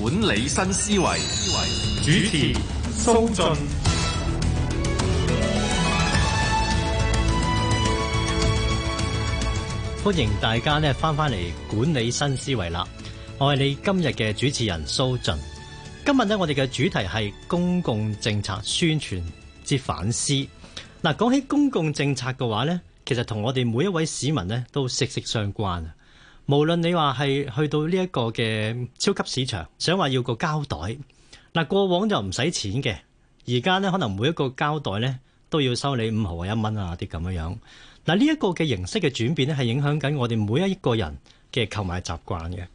管理新思維，主持蘇雋，進歡迎大家咧翻翻嚟管理新思維啦！我係你今日嘅主持人蘇雋。今日咧，我哋嘅主題係公共政策宣傳之反思。嗱，講起公共政策嘅話呢，其實同我哋每一位市民咧都息息相關。無論你話係去到呢一個嘅超級市場，想話要個膠袋，嗱，過往就唔使錢嘅，而家呢，可能每一個膠袋呢都要收你五毫或一蚊啊啲咁樣樣。嗱，呢一個嘅形式嘅轉變呢，係影響緊我哋每一一個人嘅購買習慣嘅。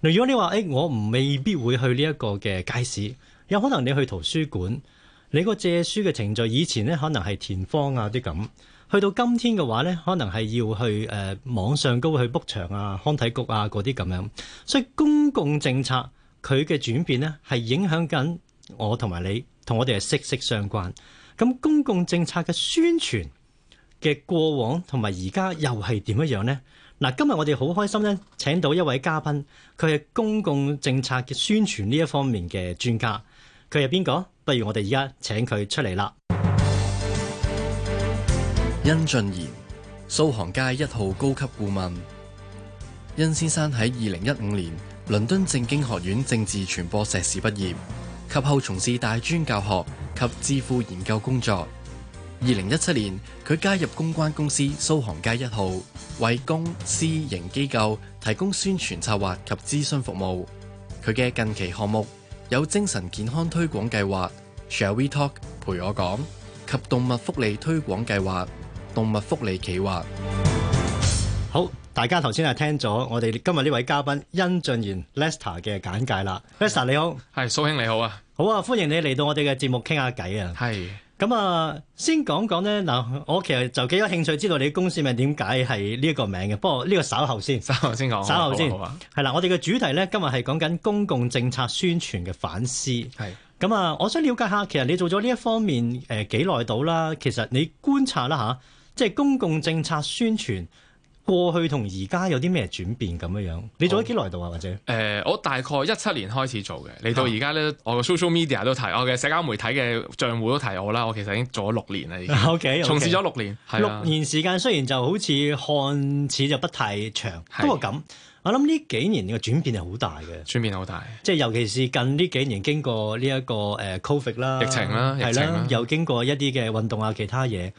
如果你話誒、哎、我唔未必會去呢一個嘅街市，有可能你去圖書館，你個借書嘅程序以前呢，可能係填方啊啲咁。去到今天嘅話咧，可能係要去誒、呃、網上高去 book 場啊、康體局啊嗰啲咁樣，所以公共政策佢嘅轉變咧，係影響緊我同埋你，同我哋係息息相關。咁公共政策嘅宣傳嘅過往同埋而家又係點樣樣咧？嗱，今日我哋好開心咧，請到一位嘉賓，佢係公共政策嘅宣傳呢一方面嘅專家。佢係邊個？不如我哋而家請佢出嚟啦。忻浚賢，蘇杭街一號高級顧問。忻先生喺二零一五年倫敦政經學院政治傳播碩士畢業，及後從事大專教學及智庫研究工作。二零一七年，佢加入公關公司蘇杭街一號，為公私營機構提供宣傳策劃及諮詢服務。佢嘅近期項目有精神健康推廣計劃、Shall We Talk 陪我講及動物福利推廣計劃。動物福利企劃，好，大家頭先係聽咗我哋今日呢位嘉賓忻浚賢 Lester 嘅簡介啦。的 Lester 你好，係蘇雋。你好啊，好啊，歡迎你嚟到我哋嘅節目傾下偈啊。係，咁啊，先講講呢。嗱，我其實就幾有興趣知道你公司名點解係呢一個名嘅，不過呢個稍後先，稍後先講，稍後先係啦。我哋嘅主題呢，今日係講緊公共政策宣傳嘅反思，係的，咁啊，我想了解下，其實你做咗呢一方面誒幾耐到啦？其實你觀察啦吓。即係公共政策宣傳過去同而家有啲咩轉變咁樣樣？你做咗幾耐度啊？Oh. 或者誒、欸，我大概一七年開始做嘅，嚟到而家咧，我 social media 都提，我嘅社交媒體嘅賬戶都提我啦。我其實已經做咗六年啦，已經。O K，從事咗六年，啊、六年時間雖然就好似看似就不太長，不過咁，我諗呢幾年嘅轉變係好大嘅，轉變好大。即係尤其是近呢幾年經過呢一個誒 COVID 啦、啊、疫情啦、啊、係啦、啊，又經過一啲嘅運動啊、其他嘢。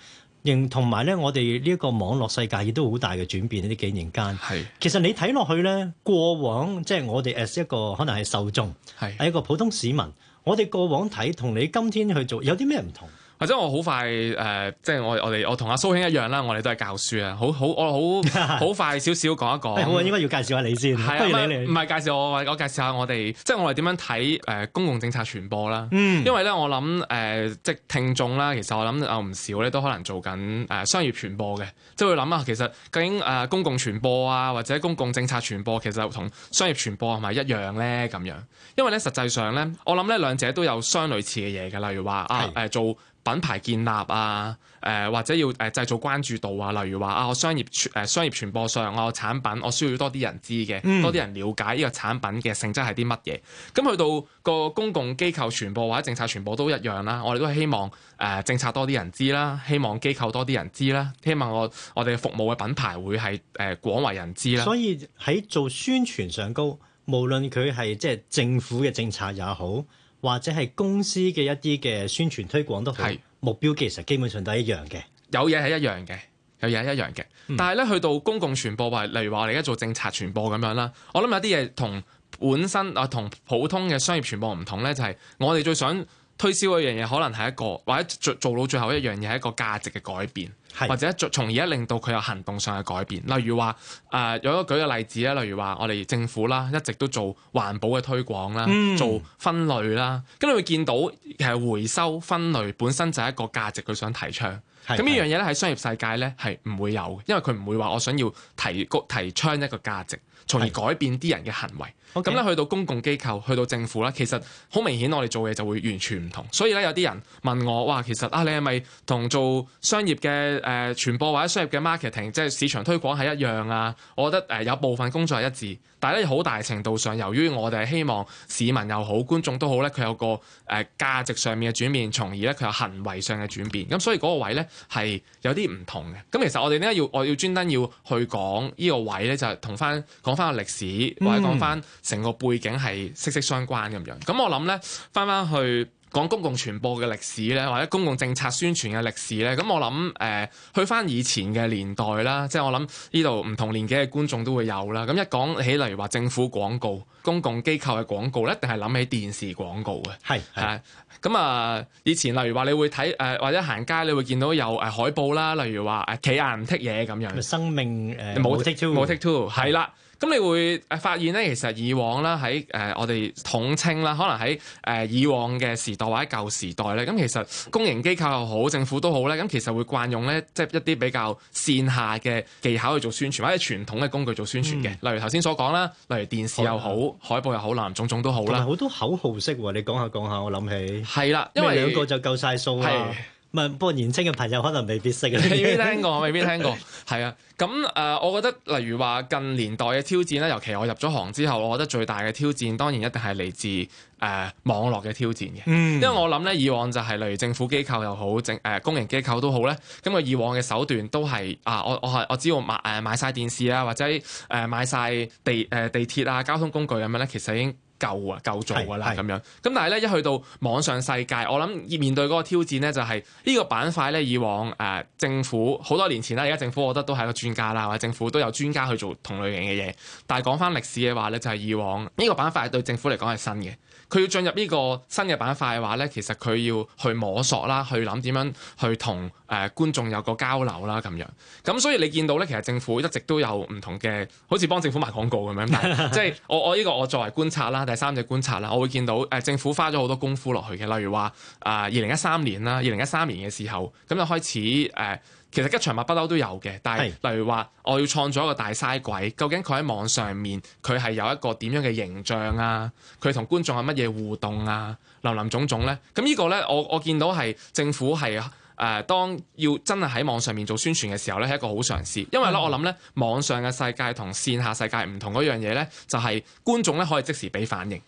同埋咧，我哋呢一個網絡世界亦都好大嘅轉變喺呢幾年間。係是其實你睇落去咧，過往即係我哋 as 一個可能係受眾係係一個普通市民，我哋過往睇同你今天去做有啲咩唔同？或者我好快誒、呃，即係我我哋我同阿蘇兄一樣啦，我哋都係教書啊，好好我好好 快少少講一講。好啊、 哎，應該要介紹下你先，是不，不你唔係介紹我，我介紹下我哋，即係我哋點樣睇誒公共政策傳播啦。嗯、因為咧，我諗誒、呃，即係聽眾啦，其實我諗有唔少咧，都可能做緊誒商業傳播嘅，即係會諗啊，其實究竟誒公共傳播啊，或者公共政策傳播，其實同商業傳播係咪一樣咧？咁樣，因為咧，實際上咧，我諗咧兩者都有相類似嘅嘢嘅，例如話啊誒、啊啊、做。品牌建立啊，誒、呃、或者要誒、呃、製造關注度啊，例如話啊，我商業傳商業傳播，上我產品，我需要多啲人知嘅，嗯、多啲人了解呢個產品嘅性質係啲乜嘢。咁、嗯、去到個公共機構傳播或者政策傳播都一樣啦，我哋都希望誒、呃、政策多啲人知啦，希望機構多啲人知啦，希望我我哋服務嘅品牌會係誒、呃、廣為人知啦。所以喺做宣傳上高，無論佢係即係政府嘅政策也好。或者係公司嘅一啲嘅宣傳推廣都好，是目標其實基本上都係一樣嘅。有嘢係一樣嘅，有嘢係一樣嘅。但係咧，去到公共傳播或例如話我哋而家做政策傳播咁樣啦，我諗有啲嘢同本身啊，同普通嘅商業傳播唔同咧，就係、是、我哋最想，推銷一樣嘢可能係一個，或者做到最後一樣嘢係一個價值嘅改變，的或者從而而令到佢有行動上嘅改變。例如話，誒、呃，有一個舉個例子咧，例如話，我哋政府啦一直都做環保嘅推廣啦，嗯、做分類啦，咁你會見到其實回收分類本身就係一個價值佢想提倡。咁的呢樣嘢咧，喺商業世界咧，係唔會有嘅，因為佢唔會話我想要提提倡一個價值，從而改變啲人嘅行為。咁咧 Okay. 去到公共機構，去到政府咧，其實好明顯我哋做嘢就會完全唔同。所以咧有啲人問我，哇，其實啊，你係咪同做商業嘅誒傳播或者商業嘅 marketing，即係市場推廣係一樣啊？我覺得誒、呃、有部分工作係一致。但係咧，好大程度上，由於我哋係希望市民又好，觀眾都好咧，佢有個誒價值上面嘅轉變，從而咧佢有行為上嘅轉變。咁所以嗰個位咧係有啲唔同嘅。咁其實我哋咧要，我要專登要去講呢個位咧，就係同翻講翻個歷史，或者講翻成個背景係息息相關咁樣。咁我諗咧，翻翻去。講公共傳播嘅歷史咧，或者公共政策宣傳嘅歷史咧，咁我諗誒、呃，去返以前嘅年代啦，即係我諗呢度唔同年紀嘅觀眾都會有啦。咁一講起例如話政府廣告、公共機構嘅廣告咧，一定係諗起電視廣告嘅。係係是是、啊。咁啊、呃，以前例如話你會睇誒、呃，或者行街你會見到有誒海報啦，例如話誒企硬唔 take 嘢咁樣。生命誒冇 take two 冇 take two 係啦。咁你會誒發現咧，其實以往啦，喺誒、呃、我哋統稱啦，可能喺誒、呃、以往嘅時代或者舊時代咧，咁其實公營機構又好，政府都好咧，咁其實會慣用咧，即係一啲比較線下嘅技巧去做宣傳或者傳統嘅工具做宣傳嘅，嗯、例如頭先所講啦，例如電視又好，嗯、海報又好，嗱，種種都好啦。好多口號式、啊、你講下講下，我諗起。係啦，因為兩個就夠晒數啦。唔，不過年青嘅朋友可能未必識，未必聽過，未必聽過。係啊， 咁誒、呃，我覺得例如話近年代嘅挑戰咧，尤其我入咗行之後，我覺得最大嘅挑戰當然一定係嚟自誒、呃、網絡嘅挑戰嘅。嗯，因為我諗咧，以往就係、是、例如政府機構又好，政、呃、誒公營機構都好咧，咁、呃、我以往嘅手段都係啊，我我係我只要買誒、呃、買晒電視啊，或者誒、呃、買晒地誒、呃、地鐵啊，交通工具咁樣咧，其實已經。夠啊，夠做噶啦咁樣。咁但係咧，一去到網上世界，我諗面對嗰個挑戰咧，就係、是、呢個板塊咧，以往誒、呃、政府好多年前啦，而家政府我覺得都係一個專家啦，或者政府都有專家去做同類型嘅嘢。但係講翻歷史嘅話咧，就係、是、以往呢、這個板塊係對政府嚟講係新嘅。佢要進入呢個新嘅板塊嘅話咧，其實佢要去摸索啦，去諗點樣去同誒、呃、觀眾有個交流啦咁樣。咁所以你見到咧，其實政府一直都有唔同嘅，好似幫政府賣廣告咁樣。即係 我我呢、這個我作為觀察啦。第三隻觀察啦，我會見到誒、呃、政府花咗好多功夫落去嘅，例如話啊二零一三年啦，二零一三年嘅時候咁就開始誒、呃，其實吉祥物不嬲都有嘅，但係是例如話我要創造一個大嘥鬼，究竟佢喺網上面佢係有一個點樣嘅形象啊？佢同觀眾係乜嘢互動啊？林林總總咧，咁呢個咧我我見到係政府係。誒，當要真係喺網上面做宣傳嘅時候呢係一個好嘗試，因為咧，我諗呢網上嘅世界同線下世界唔同嗰樣嘢呢就係觀眾咧可以即時俾反應，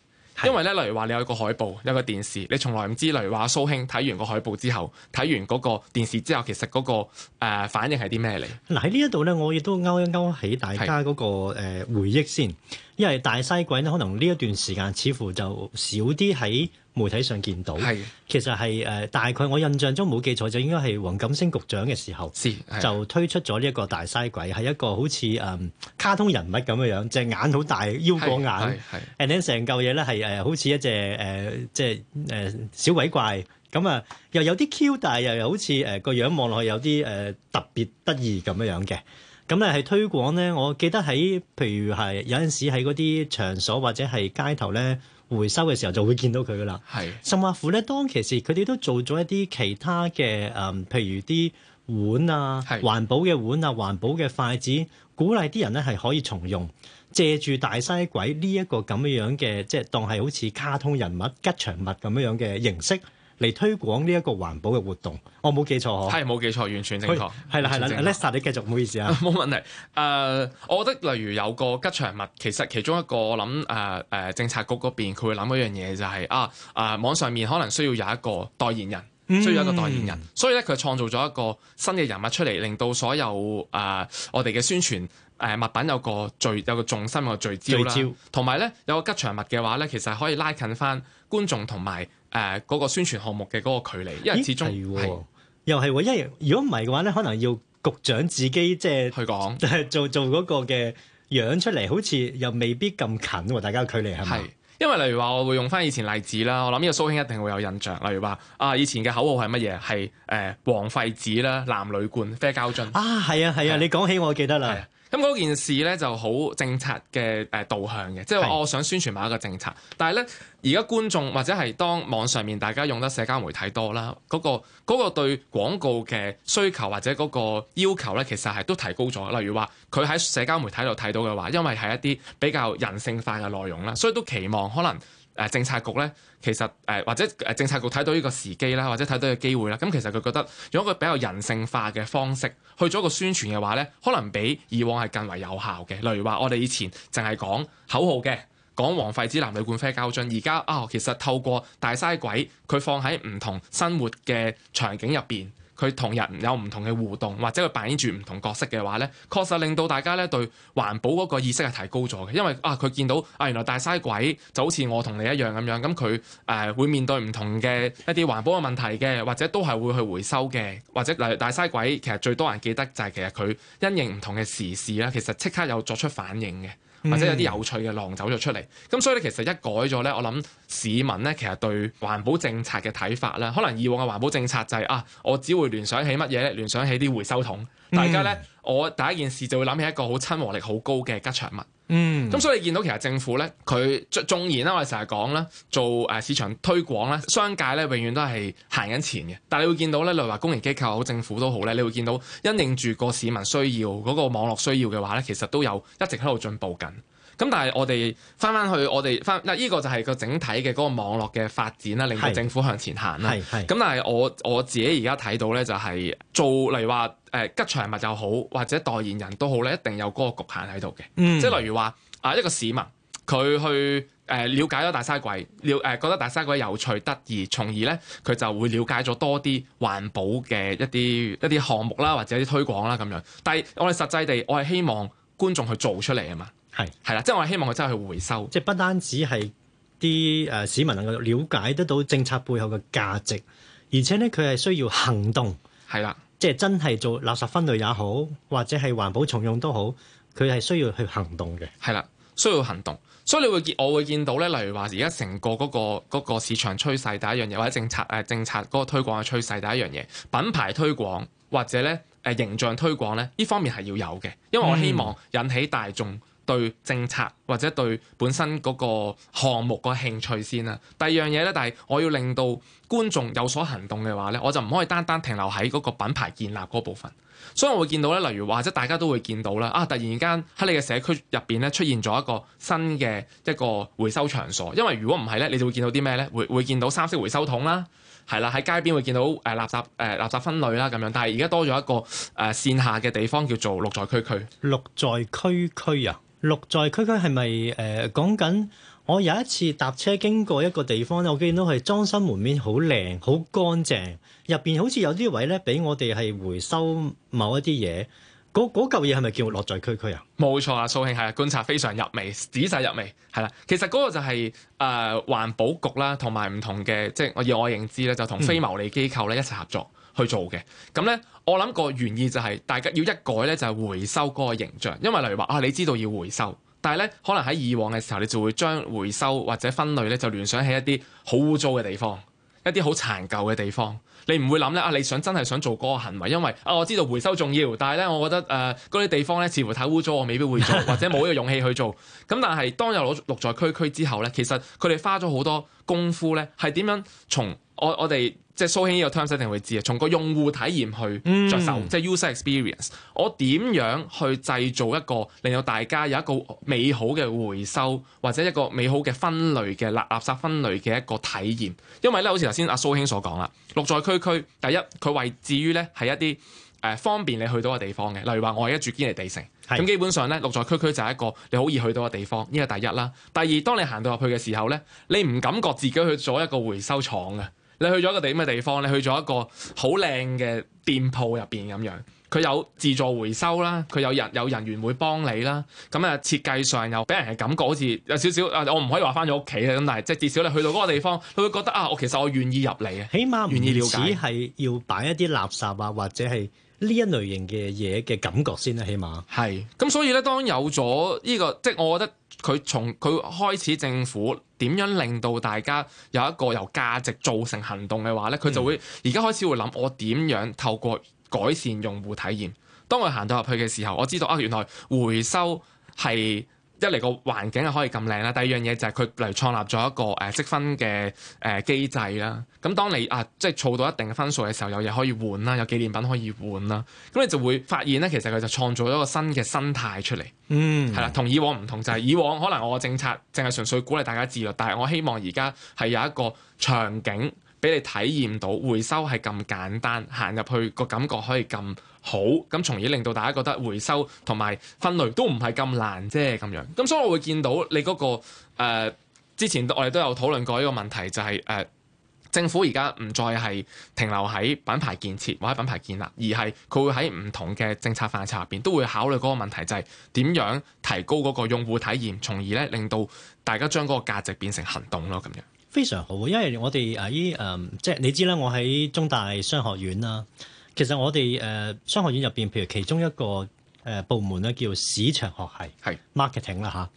因為咧，例如話你有個海報，有個電視，你從來唔知，例如話蘇兄睇完個海報之後，睇完嗰個電視之後，其實嗰、嗰個、呃、反應係啲咩嚟？嗱，喺呢一度呢，我亦都勾一勾起大家嗰個回憶先，是因為大嘥鬼咧，可能呢一段時間似乎就少啲喺。媒體上見到，是其實係誒、呃、大概我印象中冇記錯就應該係黃錦星局長嘅時候，就推出咗呢一個大嘥鬼，係一個好似誒、嗯、卡通人物咁樣樣，隻眼好大，腰過眼，誒你成嚿嘢咧係誒好似一隻誒即係誒小鬼怪咁啊，又有啲 Q，但係又好似誒個樣望落去有啲誒、呃、特別得意咁樣樣嘅，咁咧係推廣咧，我記得喺譬如係有陣時喺嗰啲場所或者係街頭咧。回收嘅時候就會見到佢噶啦。係是，甚華府咧當其時佢哋都做咗一啲其他嘅誒，譬如啲碗、啊、是碗啊，環保嘅碗啊，環保嘅筷子，鼓勵啲人咧係可以重用，借住大嘥鬼呢一個咁樣樣嘅，即、就、係、是、當係好似卡通人物吉祥物咁樣樣嘅形式。嚟推廣呢一個環保嘅活動，我冇記錯嗬？係冇記錯，完全正確。係啦係啦 Lesa 你繼續，唔好意思啊。冇問題。誒、呃，我覺得例如有個吉祥物，其實其中一個我諗誒誒政策局嗰邊，佢會諗一樣嘢就係、是、啊啊、呃、網上面可能需要有一個代言人，嗯、需要一個代言人，所以咧佢創造咗一個新嘅人物出嚟，令到所有誒、呃、我哋嘅宣傳誒、呃、物品有個聚有個重心有個聚焦啦。聚焦。同埋咧有，呢有個吉祥物嘅話咧，其實可以拉近翻觀眾同埋。誒嗰、呃那個宣傳項目嘅嗰個距離，因為始終係、啊、是又係喎，因為如果唔係嘅話咧，可能要局長自己即係去講說，做做嗰個嘅樣出嚟，好似又未必咁近喎，大家距離係咪？係因為例如話，我會用返以前例子啦，我諗呢個蘇兄一定會有印象。例如話啊，以前嘅口號係乜嘢？係誒黃廢紙啦，藍鋁罐，啡膠樽啊，係啊係啊，啊，你講起我，我記得啦。咁嗰件事呢，就好政策嘅誒導向嘅，即係話我想宣傳某一個政策，但係呢，而家觀眾或者係當網上面大家用得社交媒體多啦，嗰個嗰個對廣告嘅需求或者嗰個要求呢，其實係都提高咗。例如話，佢喺社交媒體度睇到嘅話，因為係一啲比較人性化嘅內容啦，所以都期望可能。誒、呃、政策局咧，其實誒、呃、或者誒、呃、政策局睇到呢個時機啦，或者睇到個機會啦，咁、嗯、其實佢覺得用一個比較人性化嘅方式去做個宣傳嘅話咧，可能比以往係更為有效嘅。例如話，我哋以前淨係講口號嘅，講黃廢紙、男女冠啡交樽，而家啊，其實透過大嘥鬼，佢放喺唔同生活嘅場景入邊。佢同人有唔同嘅互動，或者佢扮演住唔同角色嘅話咧，確實令到大家咧，對環保嗰個意識係提高咗嘅，因為啊，佢見到啊，原來大嘥鬼就好似我同你一樣咁樣，咁佢誒會面對唔同嘅一啲環保嘅問題嘅，或者都係會去回收嘅，或者大嘥鬼其實最多人記得就係其實佢因應唔同嘅時事啦，其實即刻有作出反應嘅。或者有啲有趣嘅浪走咗出嚟，咁所以咧，其實一改咗咧，我諗市民咧，其實對環保政策嘅睇法啦，可能以往嘅環保政策就係啊，我只會聯想起乜嘢咧？聯想起啲回收桶，大家咧。嗯我第一件事就會諗起一個好親和力好高嘅吉祥物。嗯，咁所以你見到其實政府呢，佢縱然啦、啊，我哋成日講啦，做誒、呃、市場推廣啦，商界呢永遠都係行緊前嘅。但係你會見到咧，例如話公營機構好，政府都好咧，你會見到因應住個市民需要嗰、那個網絡需要嘅話咧，其實都有一直喺度進步緊。咁但係我哋返返去我哋返，嗱呢個就係個整體嘅嗰個網絡嘅發展啦，令到政府向前行啦。咁但係我我自己而家睇到咧，就係做例如話誒吉祥物又好，或者代言人都好咧，一定有嗰個局限喺度嘅。即係、嗯、例如話啊，一個市民佢去誒了解咗大嘥鬼，了誒覺得大嘥鬼有趣得意，從而咧佢就會了解咗多啲環保嘅一啲一啲項目啦，或者一啲推廣啦咁樣。但係我哋實際地，我係希望觀眾去做出嚟啊嘛。係係啦，即係我希望佢真係去回收，即係不單止係啲誒市民能夠了解得到政策背後嘅價值，而且咧佢係需要行動，係啦的，即係真係做垃圾分類也好，或者係環保重用都好，佢係需要去行動嘅，係啦，需要行動。所以你會見我會見到咧，例如話而家成個嗰個嗰個市場趨勢第一樣嘢，或者政策誒、呃、政策嗰個推廣嘅趨勢第一樣嘢，品牌推廣或者咧誒、呃、形象推廣咧呢方面係要有嘅，因為我希望引起大眾。嗯對政策或者對本身嗰個項目個興趣先啦。第二樣嘢呢，但係我要令到觀眾有所行動嘅話呢，我就唔可以單單停留喺嗰個品牌建立嗰部分。所以我會見到呢，例如或者大家都會見到啦，啊，突然間喺你嘅社區入邊呢，出現咗一個新嘅一個回收場所。因為如果唔係呢，你就會見到啲咩呢？會會見到三色回收桶啦，係啦，喺街邊會見到誒、呃、垃圾誒、呃、垃圾分類啦咁樣。但係而家多咗一個誒、呃、線下嘅地方叫做綠在區區。綠在區區啊！綠在區區係咪誒講緊？我有一次搭車經過一個地方咧，我見到係裝修門面好靚、好乾淨，入邊好似有啲位咧俾我哋係回收某一啲嘢。嗰嚿嘢係咪叫綠在區區啊？冇錯啊，蘇雋係啊，觀察非常入微、仔細入微，係啦。其實嗰個就係、是、誒、呃、環保局啦，同埋唔同嘅即係我以我認知咧，就同非牟利機構咧一齊合作、嗯、去做嘅。咁咧。我諗個原意就係大家要一改咧，就係回收嗰個形象。因為例如話啊，你知道要回收，但係咧可能喺以往嘅時候，你就會將回收或者分類咧，就聯想起一啲好污糟嘅地方，一啲好殘舊嘅地方。你唔會諗咧啊，你想真係想做嗰個行為，因為啊，我知道回收重要，但係咧，我覺得誒嗰啲地方咧，似乎太污糟，我未必會做，或者冇呢個勇氣去做。咁 但係當有攞綠在區區之後咧，其實佢哋花咗好多功夫咧，係點樣從我我哋。我即係蘇雋呢個 term 一定會知啊！從個用戶體驗去着手，嗯、即係 user experience。我點樣去製造一個令到大家有一個美好嘅回收或者一個美好嘅分類嘅垃垃圾分類嘅一個體驗？因為咧，好似頭先阿蘇雋所講啦，綠在區區第一，佢位置於咧係一啲誒、呃、方便你去到嘅地方嘅，例如話我而家住堅尼地城，咁的基本上咧綠在區區就係一個你好易去到嘅地方，呢個第一啦。第二，當你行到入去嘅時候咧，你唔感覺自己去咗一個回收廠嘅。你去咗一個咩嘅地方，你去咗一個好靚嘅店鋪入邊咁樣，佢有自助回收啦，佢有人有人員會幫你啦。咁啊，設計上又俾人嘅感覺好似有少少啊，我唔可以話翻咗屋企啊。咁但係即係至少你去到嗰個地方，佢會覺得啊，我其實我願意入嚟啊，起碼願意了解。而係要擺一啲垃圾啊，或者係。呢一類型嘅嘢嘅感覺先啦，起碼係咁，所以呢，當有咗呢個，即係我覺得佢從佢開始政府點樣令到大家有一個由價值造成行動嘅話呢，佢就會而家開始會諗我點樣透過改善用戶體驗。當佢行到入去嘅時候，我知道啊，原來回收係。一嚟個環境係可以咁靚啦，第二樣嘢就係佢嚟創立咗一個誒積、呃、分嘅誒機制啦。咁、呃、當你啊、呃、即係儲到一定嘅分數嘅時候，有嘢可以換啦，有紀念品可以換啦。咁你就會發現咧，其實佢就創造咗一個新嘅生態出嚟。嗯，係啦，同以往唔同就係、是、以往可能我嘅政策淨係純粹鼓勵大家自律，但係我希望而家係有一個場景俾你體驗到回收係咁簡單，行入去個感覺可以咁。好咁，從而令到大家覺得回收同埋分類都唔係咁難啫，咁樣咁，所以我會見到你嗰、嗰個、呃、之前我哋都有討論過一個問題、就係，就係誒政府而家唔再係停留喺品牌建設或者品牌建立，而係佢會喺唔同嘅政策範疇入邊都會考慮嗰個問題，就係點樣提高嗰個用戶體驗，從而咧令到大家將嗰個價值變成行動咯，咁樣非常好，因為我哋喺誒即係你知啦，我喺中大商學院啦。其實我哋誒商學院入邊，譬如其中一個誒部門咧，叫市場學系是，Marketing 啦、啊、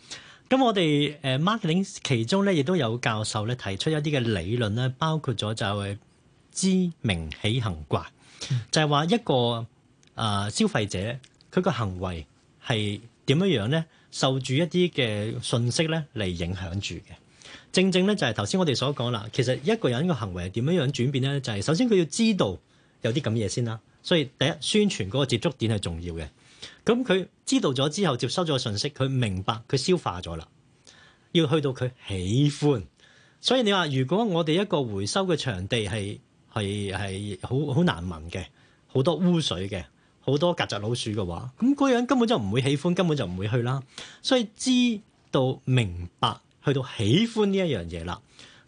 嚇。咁我哋誒 Marketing 其中咧，亦都有教授咧提出一啲嘅理論咧，包括咗就係知名起行啩，嗯、就係話一個啊、呃、消費者佢個行為係點樣樣咧，受住一啲嘅信息咧嚟影響住嘅。正正咧就係頭先我哋所講啦，其實一個人嘅行為係點樣樣轉變咧，就係、是、首先佢要知道。有啲咁嘢先啦，所以第一宣傳嗰個接觸點係重要嘅。咁佢知道咗之後接收咗個信息，佢明白佢消化咗啦。要去到佢喜歡，所以你話如果我哋一個回收嘅場地係係係好好難聞嘅，好多污水嘅，好多曱甴老鼠嘅話，咁嗰個人根本就唔會喜歡，根本就唔會去啦。所以知道明白，去到喜歡呢一樣嘢啦，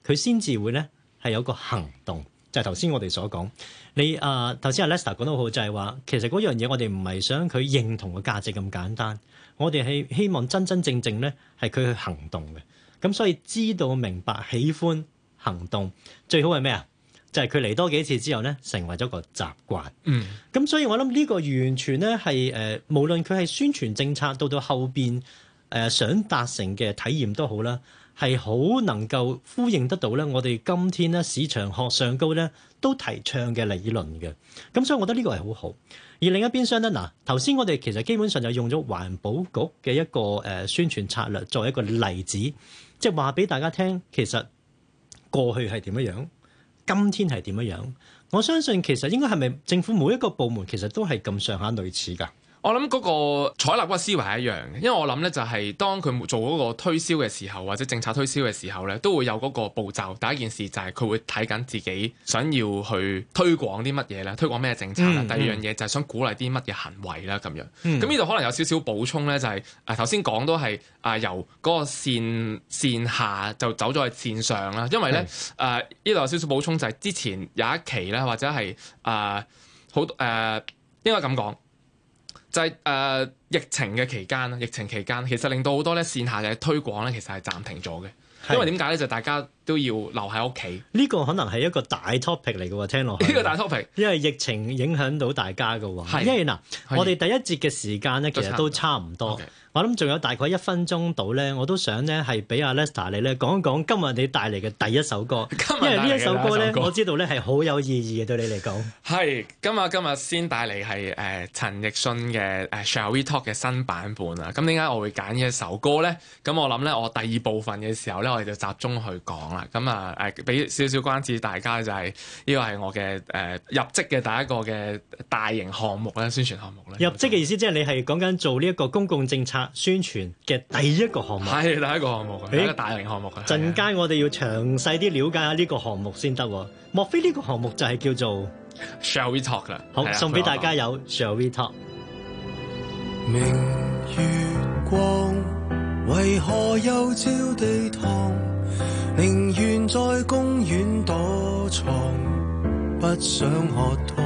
佢先至會咧係有個行動。就係頭先我哋所講，你啊，呃，頭先阿 Lester 講得好，就係話其實嗰樣嘢我哋唔係想佢認同嘅價值咁簡單，我哋係希望真真正正咧係佢去行動嘅。咁所以知道明白喜歡行動，最好係咩啊？就係佢嚟多幾次之後咧，成為咗個習慣。嗯，咁所以我諗呢個完全咧係誒，無論佢係宣傳政策，到到後邊誒、呃、想達成嘅體驗都好啦。係好能夠呼應得到咧，我哋今天咧市場學上高咧都提倡嘅理論嘅，咁所以我覺得呢個係好好。而另一邊廂咧，嗱頭先我哋其實基本上就用咗環保局嘅一個誒宣傳策略作為一個例子，即係話俾大家聽，其實過去係點樣，今天係點樣。我相信其實應該係咪政府每一個部門其實都係咁上下類似㗎？我諗嗰個採納嗰個思維係一樣嘅，因為我諗呢就係當佢做嗰個推銷嘅時候，或者政策推銷嘅時候呢，都會有嗰個步驟。第一件事就係佢會睇緊自己想要去推廣啲乜嘢咧，推廣咩政策啦。嗯、第二樣嘢就係想鼓勵啲乜嘢行為啦，咁樣。咁呢度可能有少少補充呢、就是，就係誒頭先講都係誒、啊、由嗰個線線下就走咗去線上啦，因為呢，誒呢度有少少補充就係、是、之前有一期呢，或者係誒、啊、好誒、啊、應該咁講。就係、是、誒、呃、疫情嘅期間啦，疫情期間其實令到好多咧線下嘅推廣咧，其實係暫停咗嘅，因為點解咧？就是、大家，都要留喺屋企，呢個可能係一個大 topic 嚟嘅喎，聽落。呢個大 topic，因為疫情影響到大家嘅。係。因為嗱，可以。我哋第一節嘅時間咧，其實都差唔多。多 Okay。我諗仲有大概一分鐘到咧，我都想咧係俾阿 Lester 你咧講一講今日你帶嚟嘅第一首歌，因為呢一首歌咧，歌歌我知道咧係好有意義嘅，對你嚟講係今日今日先帶嚟係誒陳奕迅嘅誒、呃、Shall We Talk 嘅新版本啊。咁點解我會揀呢一首歌咧？咁我諗咧，我第二部分嘅時候咧，我哋就集中去講。咁啊，誒、嗯，俾少少關照大家，就係呢個係我嘅誒、呃、入職嘅第一個嘅大型項目咧，宣傳項目咧。入職嘅意思即係你係講緊做呢一個公共政策宣傳嘅第一個項目。係第一個項目，呢、欸、個大型項目。陣間、欸、的我哋要詳細啲了解下呢個項目先得。莫非呢個項目就係叫做 Shall We Talk 啦？好，送俾大家有 Shall We Talk。明月光，為何又照地堂？明在公園躲藏，不想學堂，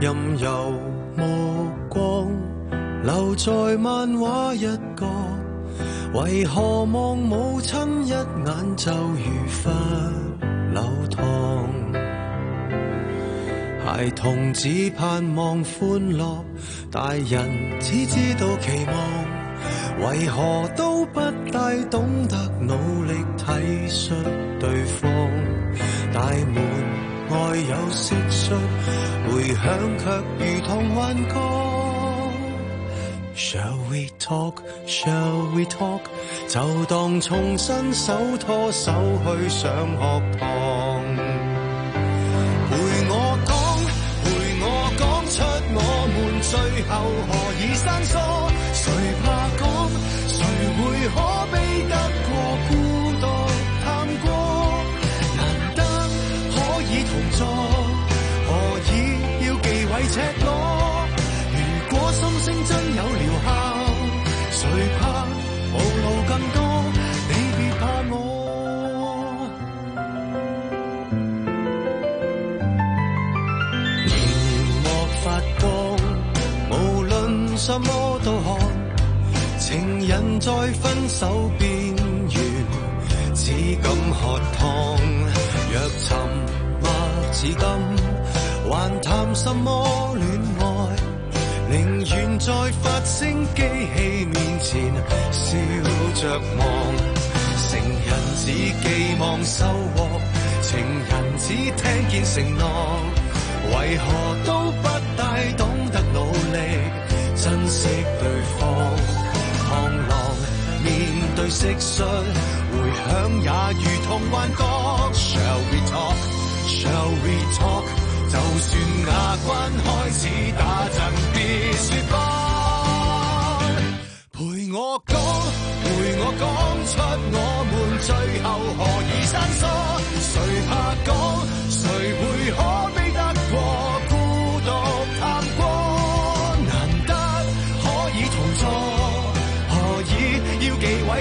任由目光留在漫畫一角。為何望母親一眼就如罰留堂？孩童只盼望歡樂，大人只知道期望。為何都不大懂得努力體恤對方？大門外有蟋蟀，回響卻如同幻覺。Shall we talk? Shall we talk? 就當重新手拖手去上學堂陪。陪我講，陪我講出我們最後何以生疏。誰怕講，誰會可悲得過，孤獨探戈？難得可以同坐，何以要忌諱赤裸？分手邊緣，似金喝湯，若沉默似金還談什麼戀愛？寧願在發聲機器面前笑着望。成人只寄望收穫，情人只聽見承諾。為何都不大懂得努力珍惜對方？浪。面對色訊回響也如同幻覺。Shall we talk? Shall we talk? 就算牙關開始打震別 說謊。陪我講陪我講出我們最後何以生疏。誰怕講誰會可悲？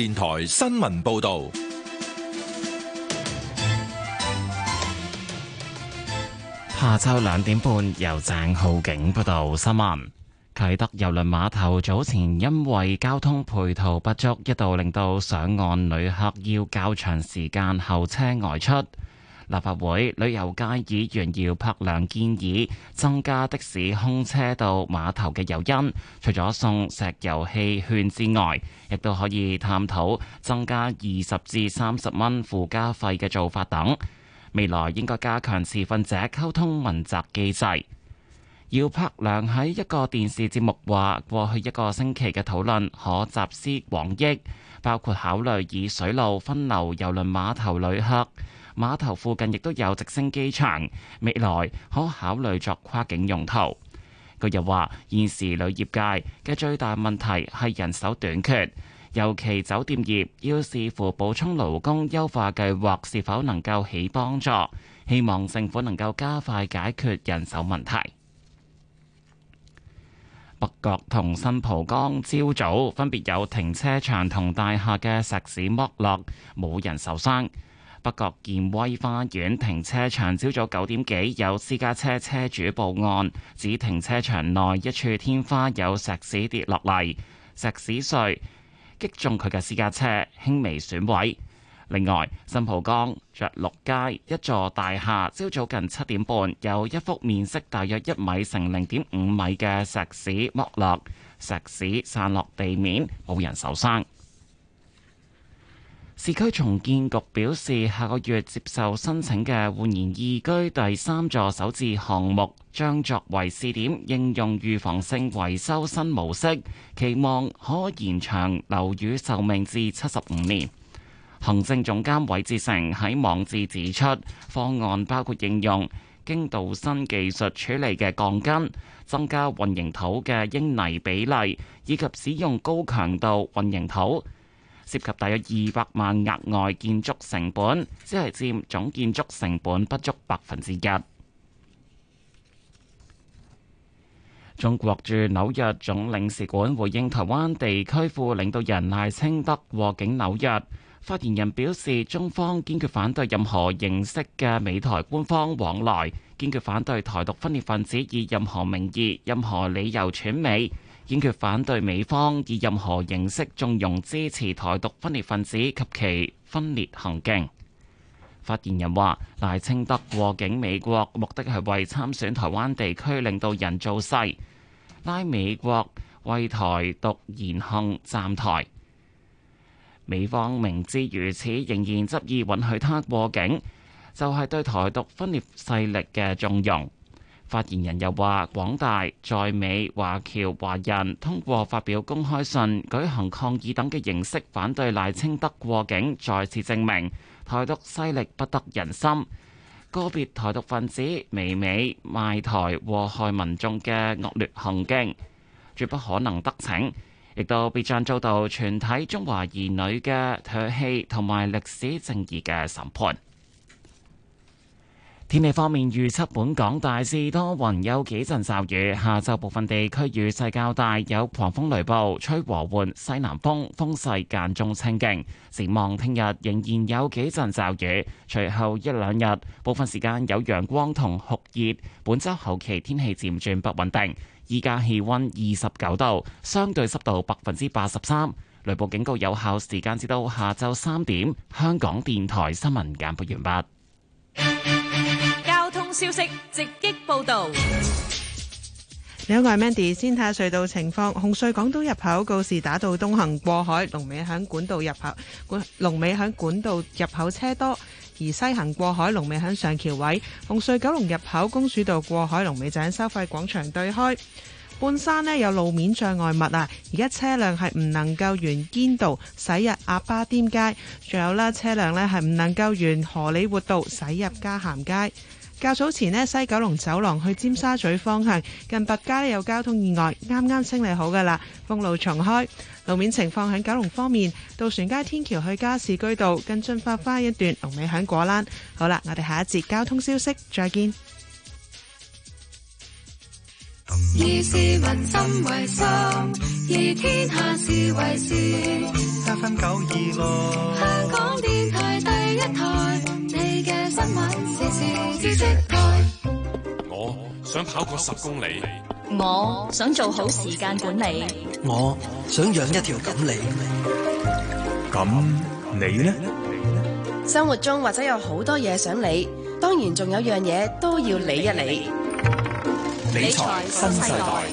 電台新聞報道，下晝兩點半，由鄭浩景報道新聞。啟德郵輪碼頭早前因為交通配套不足，一度令到上岸旅客要較長時間候車外出。立法會旅遊界議員姚柏良建議增加的士空車到碼頭嘅誘因，除咗送石油氣券之外，亦都可以探討增加二十至三十蚊附加費嘅做法等。未來應該加強持份者溝通問責機制。姚柏良喺一個電視節目話，過去一個星期嘅討論可集思廣益，包括考慮以水路分流郵輪碼頭旅客。碼頭附近亦都有直升機場，未來可考慮作跨境用途。佢又話：現時旅業界嘅最大問題係人手短缺，尤其酒店業要視乎補充勞工優化計劃是否能夠起幫助。希望政府能夠加快解決人手問題。北角同新蒲崗朝早分別有停車場同大廈嘅石屎剝落，冇人受傷。北角健威花園停車場，朝早九點幾有私家車車主報案，指停車場內一處天花有石屎跌落嚟，石屎碎擊中佢嘅私家車，輕微損毀。另外，新蒲崗着陸街一座大廈，朝早近七點半有一幅面積大約一米乘零點五米嘅石屎剝落，石屎散落地面，冇人受傷。市區重建局表示，下個月接受申請嘅煥然懿居第三座首置項目，將作為試點應用預防性維修新模式，期望可延長樓宇壽命至七十五年。行政總監韋志成喺網誌指出，方案包括應用經度新技術處理嘅鋼筋，增加混凝土嘅英泥比例，以及使用高強度混凝土。涉及大約二百萬額外建築成本，只係佔總建築成本不足百分之一。中國駐紐約總領事館回應台灣地區副領導人賴清德過境紐約，發言人表示，中方堅決反對任何形式嘅美台官方往來，堅決反對台獨分裂分子以任何名義、任何理由竄美。堅決反對美方以任何形式縱容支持台獨分裂分子及其分裂行徑。發言人話：賴清德過境美國，目的係為參選台灣地區領導人造勢，拉美國為台獨言行站台。美方明知如此，仍然執意允許他過境，就係對台獨分裂勢力嘅縱容。發言人又話：廣大在美華僑華人通過發表公開信、舉行抗議等嘅形式反對賴清德過境，再次證明台獨勢力不得人心。個別台獨分子媚美賣台、禍害民眾嘅惡劣行徑，絕不可能得逞，亦都必將遭到全體中華兒女嘅唾棄同埋歷史正義嘅審判。天氣方面，預測本港大致多雲，有幾陣驟雨。下晝部分地區雨勢較大，有狂風雷暴，吹和緩西南風，風勢間中清勁。展望聽日仍然有幾陣驟雨，隨後一兩日部分時間有陽光同酷熱。本周後期天氣漸轉不穩定。而家氣溫二十九度，相對濕度百分之八十三。雷暴警告有效時間至到下晝三點。香港電台新聞簡報完畢。消息直擊報道。你好，我係 Mandy，先睇下隧道情況。紅隧港島入口告士打道東行過海，龍尾響管道入口；龍尾響管道入口車多，而西行過海龍尾響上橋位。紅隧九龍入口公主道過海龍尾就喺收費廣場對開。半山咧有路面障礙物啊，而家車輛係唔能夠沿堅道駛入鴨巴甸街，仲有咧車輛咧係唔能夠沿荷里活道駛入嘉咸街。較早前呢，西九龍走廊去尖沙咀方向近百佳有交通意外，啱啱清理好噶啦，封路重開，路面情況喺九龍方面，渡船街天橋去加士居道跟駿發花一段龍尾響果欄。好啦，我哋下一節交通消息再見。以市民心為心，以天下事為事。八分九二六，香港電台第一台。我想跑過十公里，我想做好時間管理，我想養一條錦鯉。咁你呢？生活中或者有好多嘢想理，當然仲有樣嘢都要理一理。理財新世代，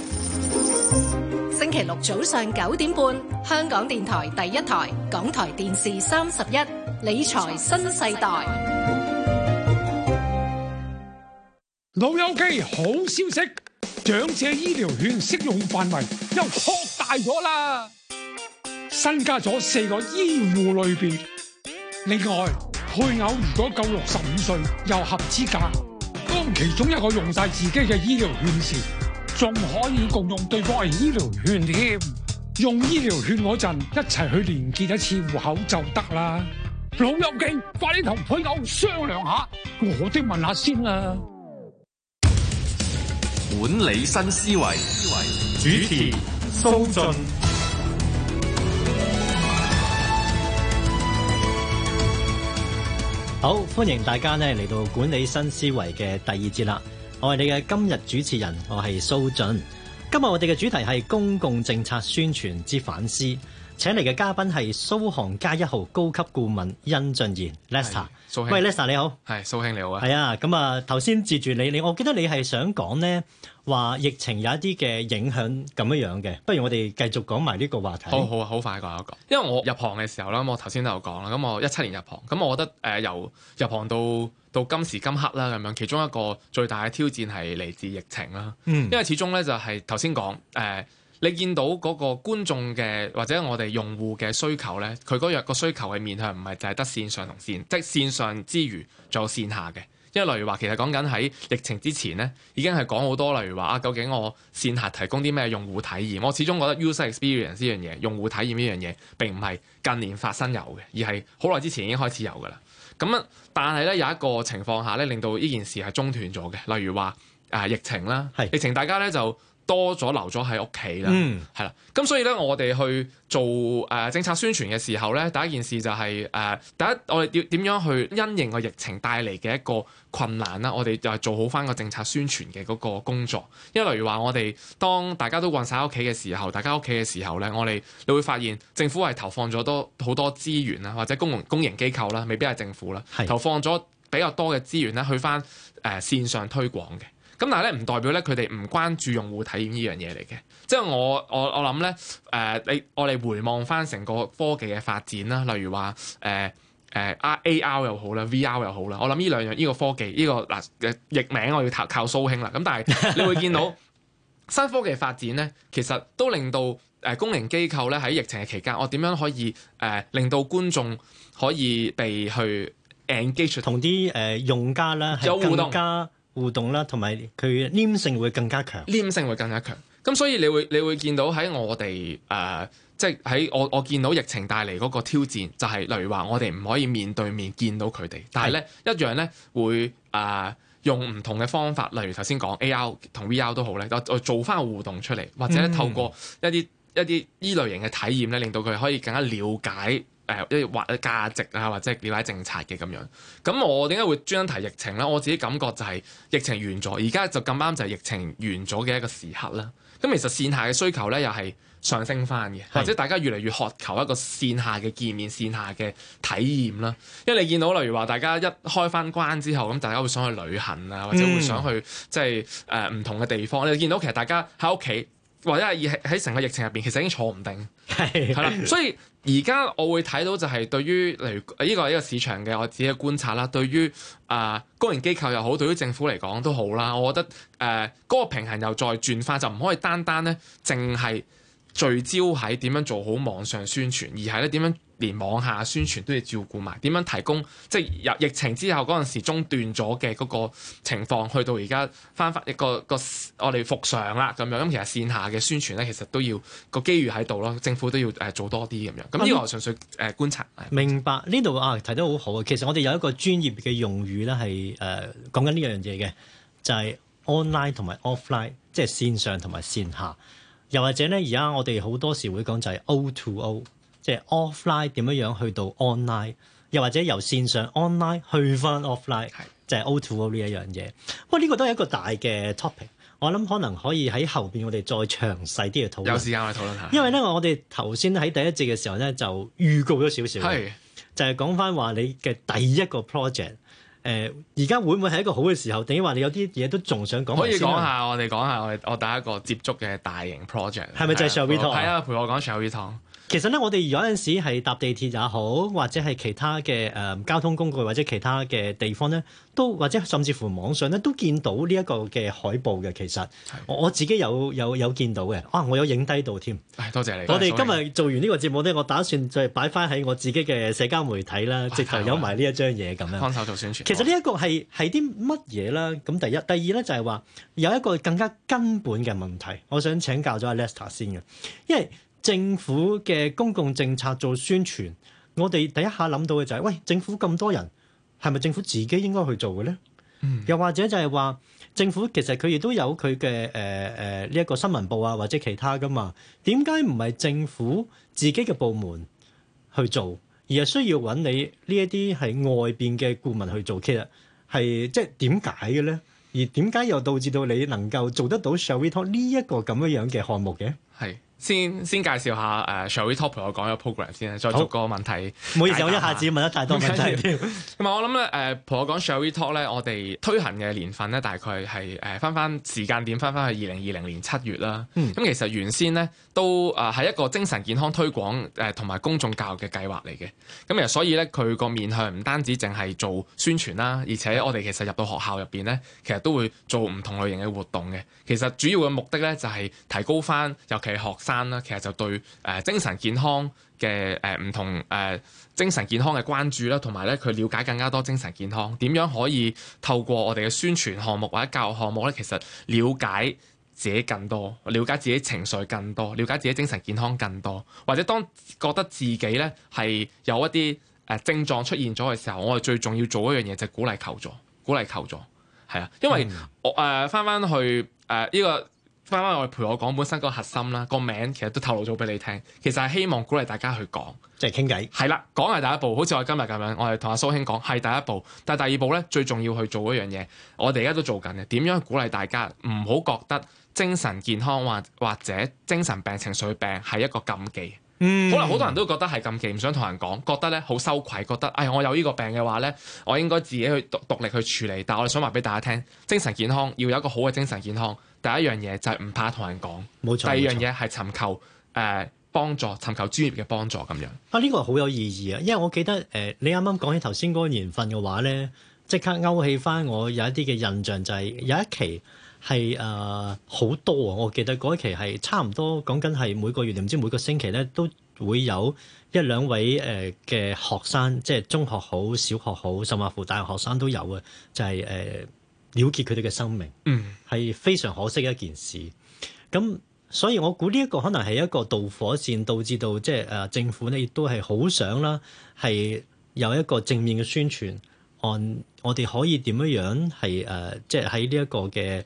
星期六早上九點半，香港電台第一台，港台電視三十一。理財新世代，老友記好消息，長者醫療券適用範圍又擴大咗啦！新加咗四個醫護類別。另外，配偶如果夠六十五歲又合資格，當其中一個用晒自己嘅醫療券時，仲可以共用對方嘅醫療券添。用醫療券嗰陣，一齊去連結一次戶口就得啦。老友記，快啲同配偶商量下，我哋問下先啦。管理新思維，思維主持蘇雋。好，歡迎大家呢嚟到管理新思維嘅第二節啦。我係你嘅今日主持人，我係蘇雋。今日我哋嘅主題係公共政策宣傳之反思。請嚟嘅嘉賓係蘇杭街一號高級顧問忻浚賢，Lester。蘇兄喂，Lester 你好，係蘇兄你好啊。係啊，咁啊，頭先截住你，你，我記得你係想講呢，話疫情有一啲嘅影響咁樣樣嘅，不如我哋繼續講埋呢個話題。好好啊，好快講一個。因為我入行嘅時候啦，我頭先都有講啦，咁我一七年入行，咁我覺得誒、呃、由入行到到今時今刻啦，咁樣，其中一個最大嘅挑戰係嚟自疫情啦。嗯，因為始終咧就係頭先講誒。呃你見到嗰個觀眾嘅或者我哋用戶嘅需求呢，佢嗰個需求係面向唔係淨係得線上同線，即係線上之餘仲有線下嘅。因為例如話，其實講緊喺疫情之前呢，已經係講好多。例如話啊，究竟我線下提供啲咩用戶體驗？我始終覺得 user experience 呢樣嘢、用戶體驗呢樣嘢並唔係近年發生有嘅，而係好耐之前已經開始有㗎喇。咁啊，但係呢，有一個情況下呢，令到呢件事係中斷咗嘅。例如話啊，疫情啦，疫情大家呢就。多咗留咗喺屋企啦，係啦、嗯，咁所以咧，我哋去做誒、呃、政策宣傳嘅時候咧，第一件事就係、是，誒、呃、第一，我哋要點樣去因應個疫情帶嚟嘅一個困難啦？我哋就係做好翻個政策宣傳嘅嗰個工作。因為例如話，我哋當大家都困晒屋企嘅時候，大家屋企嘅時候咧，我哋你會發現政府係投放咗多好多資源啊，或者公營公營機構啦，未必係政府啦，是的 投放咗比較多嘅資源咧，去翻誒、呃、線上推廣嘅。咁但係咧，唔代表咧佢哋唔關注用戶體驗呢樣嘢嚟嘅。即係我我我諗咧，誒、呃、你我哋回望翻成個科技嘅發展啦，例如話誒誒 R A R 又好啦，V R 又好啦。我諗呢兩樣呢、呢個科技呢、呢個嗱嘅譯名我要靠靠蘇兄啦。咁但係你會見到新科技發展咧，其實都令到誒公營機構咧喺疫情嘅期間，我點樣可以誒、呃、令到觀眾可以被去 engage 同啲誒用家啦，有互動。互動啦，同埋佢黏性會更加強，黏性會更加強。咁所以你會你會見到喺我哋誒，即係喺我我見到疫情帶嚟嗰個挑戰，就係、是、例如話我哋唔可以面對面見到佢哋，但係咧是一樣咧會誒、呃、用唔同嘅方法，例如頭先講 A R 同 V R 都好咧，我做翻互動出嚟，或者透過一啲、嗯、一啲依類型嘅體驗咧，令到佢可以更加了解。誒，一或價值啊，或者了解政策嘅咁樣。咁我點解會專登提疫情咧？我自己感覺就係疫情完咗，而家就咁啱就係疫情完咗嘅一個時刻啦。咁其實線下嘅需求咧又係上升翻嘅，或者大家越嚟越渴求一個線下嘅見面、線下嘅體驗啦。因為你見到例如話，大家一開翻關之後，咁大家會想去旅行啊，或者會想去即係誒唔同嘅地方。你見到其實大家喺屋企或者係喺成個疫情入邊，其實已經坐唔定，係啦， 所以。而家我會睇到就係對於，例如呢個一個市場嘅我自己嘅觀察啦。對於啊，公、呃、營機構又好，對於政府嚟講都好啦。我覺得誒，嗰、呃那個平衡又再轉化，就唔可以單單咧，淨係聚焦喺點樣做好網上宣傳，而係咧點樣。連網下宣傳都要照顧埋，點樣提供，即係由疫情之後嗰陣時中斷咗嘅嗰個情況，去到而家翻返一個一個我哋復常啦咁樣。咁其實線下嘅宣傳咧，其實都要個機遇喺度咯，政府都要誒做多啲咁樣。咁呢個純粹誒觀察。明白呢度啊，是是提得好好啊！其實我哋有一個專業嘅用語咧，係、呃、誒講緊呢樣嘢嘅，就係、是、online 同埋 offline，即係線上同埋線下，又或者咧而家我哋好多時會講就係 O to O。即係 offline 點樣樣去到 online，又或者由線上 online 去翻 offline，是就係 O2O 呢一樣嘢。哇，呢個都係一個大嘅 topic。我諗可能可以喺後邊我哋再詳細啲去討論。有時間咪討論下？因為咧我哋頭先喺第一節嘅時候咧就預告咗少少了，係是就係講翻話你嘅第一個 project、呃。誒，而家會唔會係一個好嘅時候？定話你有啲嘢都仲想講？可以講下，吧我哋講下我哋，我第一個接觸嘅大型 project 係咪就係 Shall We Talk 係啊，陪我講 Shall We Talk 其實咧，我哋有陣時係搭地鐵也好，或者係其他嘅誒、嗯、交通工具，或者其他嘅地方咧，都或者甚至乎網上咧，都見到呢一個嘅海報嘅。其實的我我自己有有有見到嘅，啊，我有影低到添。多謝你。我哋今日做完呢個節目咧，我打算就係擺翻喺我自己嘅社交媒體啦，哇直頭有埋呢一張嘢咁樣，手做宣傳。其實呢一個係係啲乜嘢啦？咁第一、第二咧就係、是、話有一個更加根本嘅問題，我想請教咗阿 Lester 先嘅，因為。政府嘅公共政策做宣傳，我哋第一下諗到嘅就係、是、喂，政府咁多人，係咪政府自己應該去做嘅咧？嗯、又或者就係話政府其實佢亦都有佢嘅誒誒呢一個新聞部啊或者其他噶嘛？點解唔係政府自己嘅部門去做，而係需要揾你呢一啲係外邊嘅顧問去做其實，係即係點解嘅咧？而點解又導致到你能夠做得到 Shall We Talk 這這呢一個咁樣樣嘅項目嘅？係。先先介紹下誒 Shall we talk 陪我講個 program 先，再逐個問題。唔好，好意思， 我一下子問得太多問題。咁啊，我諗咧誒，陪我講 Shall we talk 咧，我哋推行嘅年份咧，大概係誒翻翻時間點分分，翻翻去二零二零年七月啦。咁其實原先咧都啊係一個精神健康推廣誒同埋公眾教育嘅計劃嚟嘅。咁其實啊，所以咧佢個面向唔單止淨係做宣傳啦，而且我哋其實入到學校入邊咧，其實都會做唔同類型嘅活動嘅。其實主要嘅目的咧就係提高翻，尤其係學生。山啦，其實就對誒、呃、精神健康嘅誒唔同誒精神健康嘅關注啦，同埋咧佢了解更加多精神健康點樣可以透過我哋嘅宣傳項目或者教育項目咧，其實了解自己更多，了解自己情緒更多，了解自己精神健康更多，或者當覺得自己咧係有一啲誒症狀出現咗嘅時候，我哋最重要做一樣嘢就係鼓勵求助，鼓勵求助，係啊，因為、嗯、我誒返返去誒呢、呃這個。翻翻我哋陪我講本身個核心啦，個名其實都透露咗俾你聽，其實係希望鼓勵大家去講，即係傾偈。係啦，講係第一步，好似我今日咁樣，我哋同阿蘇兄講係第一步，但係第二步咧最重要去做一樣嘢，我哋而家都做緊嘅，點樣鼓勵大家唔好覺得精神健康或或者精神病、情緒病係一個禁忌。嗯，可能好多人都覺得係禁忌，唔想同人講，覺得咧好羞愧，覺得，哎，我有呢個病嘅話咧，我應該自己去獨力去處理。但係我哋想話俾大家聽，精神健康要有一個好嘅精神健康，第一樣嘢就係唔怕同人講，冇錯，第二樣嘢係尋求誒幫助，尋求專業嘅幫助咁樣。啊，呢個好有意義啊，因為我記得誒，你啱啱講起頭先嗰個年份嘅話咧，即刻勾起翻我有一啲嘅印象，就係有一期。係誒好多啊！我記得嗰一期係差唔多講緊係每個月唔知每個星期咧，都會有一兩位誒嘅、呃、學生，即係中學好、小學好，甚至乎大學學生都有嘅，就係、是、誒、呃、了結佢哋嘅生命，係、嗯、非常可惜一件事。咁所以我估呢一個可能係一個導火線，導致到即係誒、呃、政府咧，亦都係好想啦，係有一個正面嘅宣傳，按我哋可以點樣樣係誒，即係喺呢一個嘅。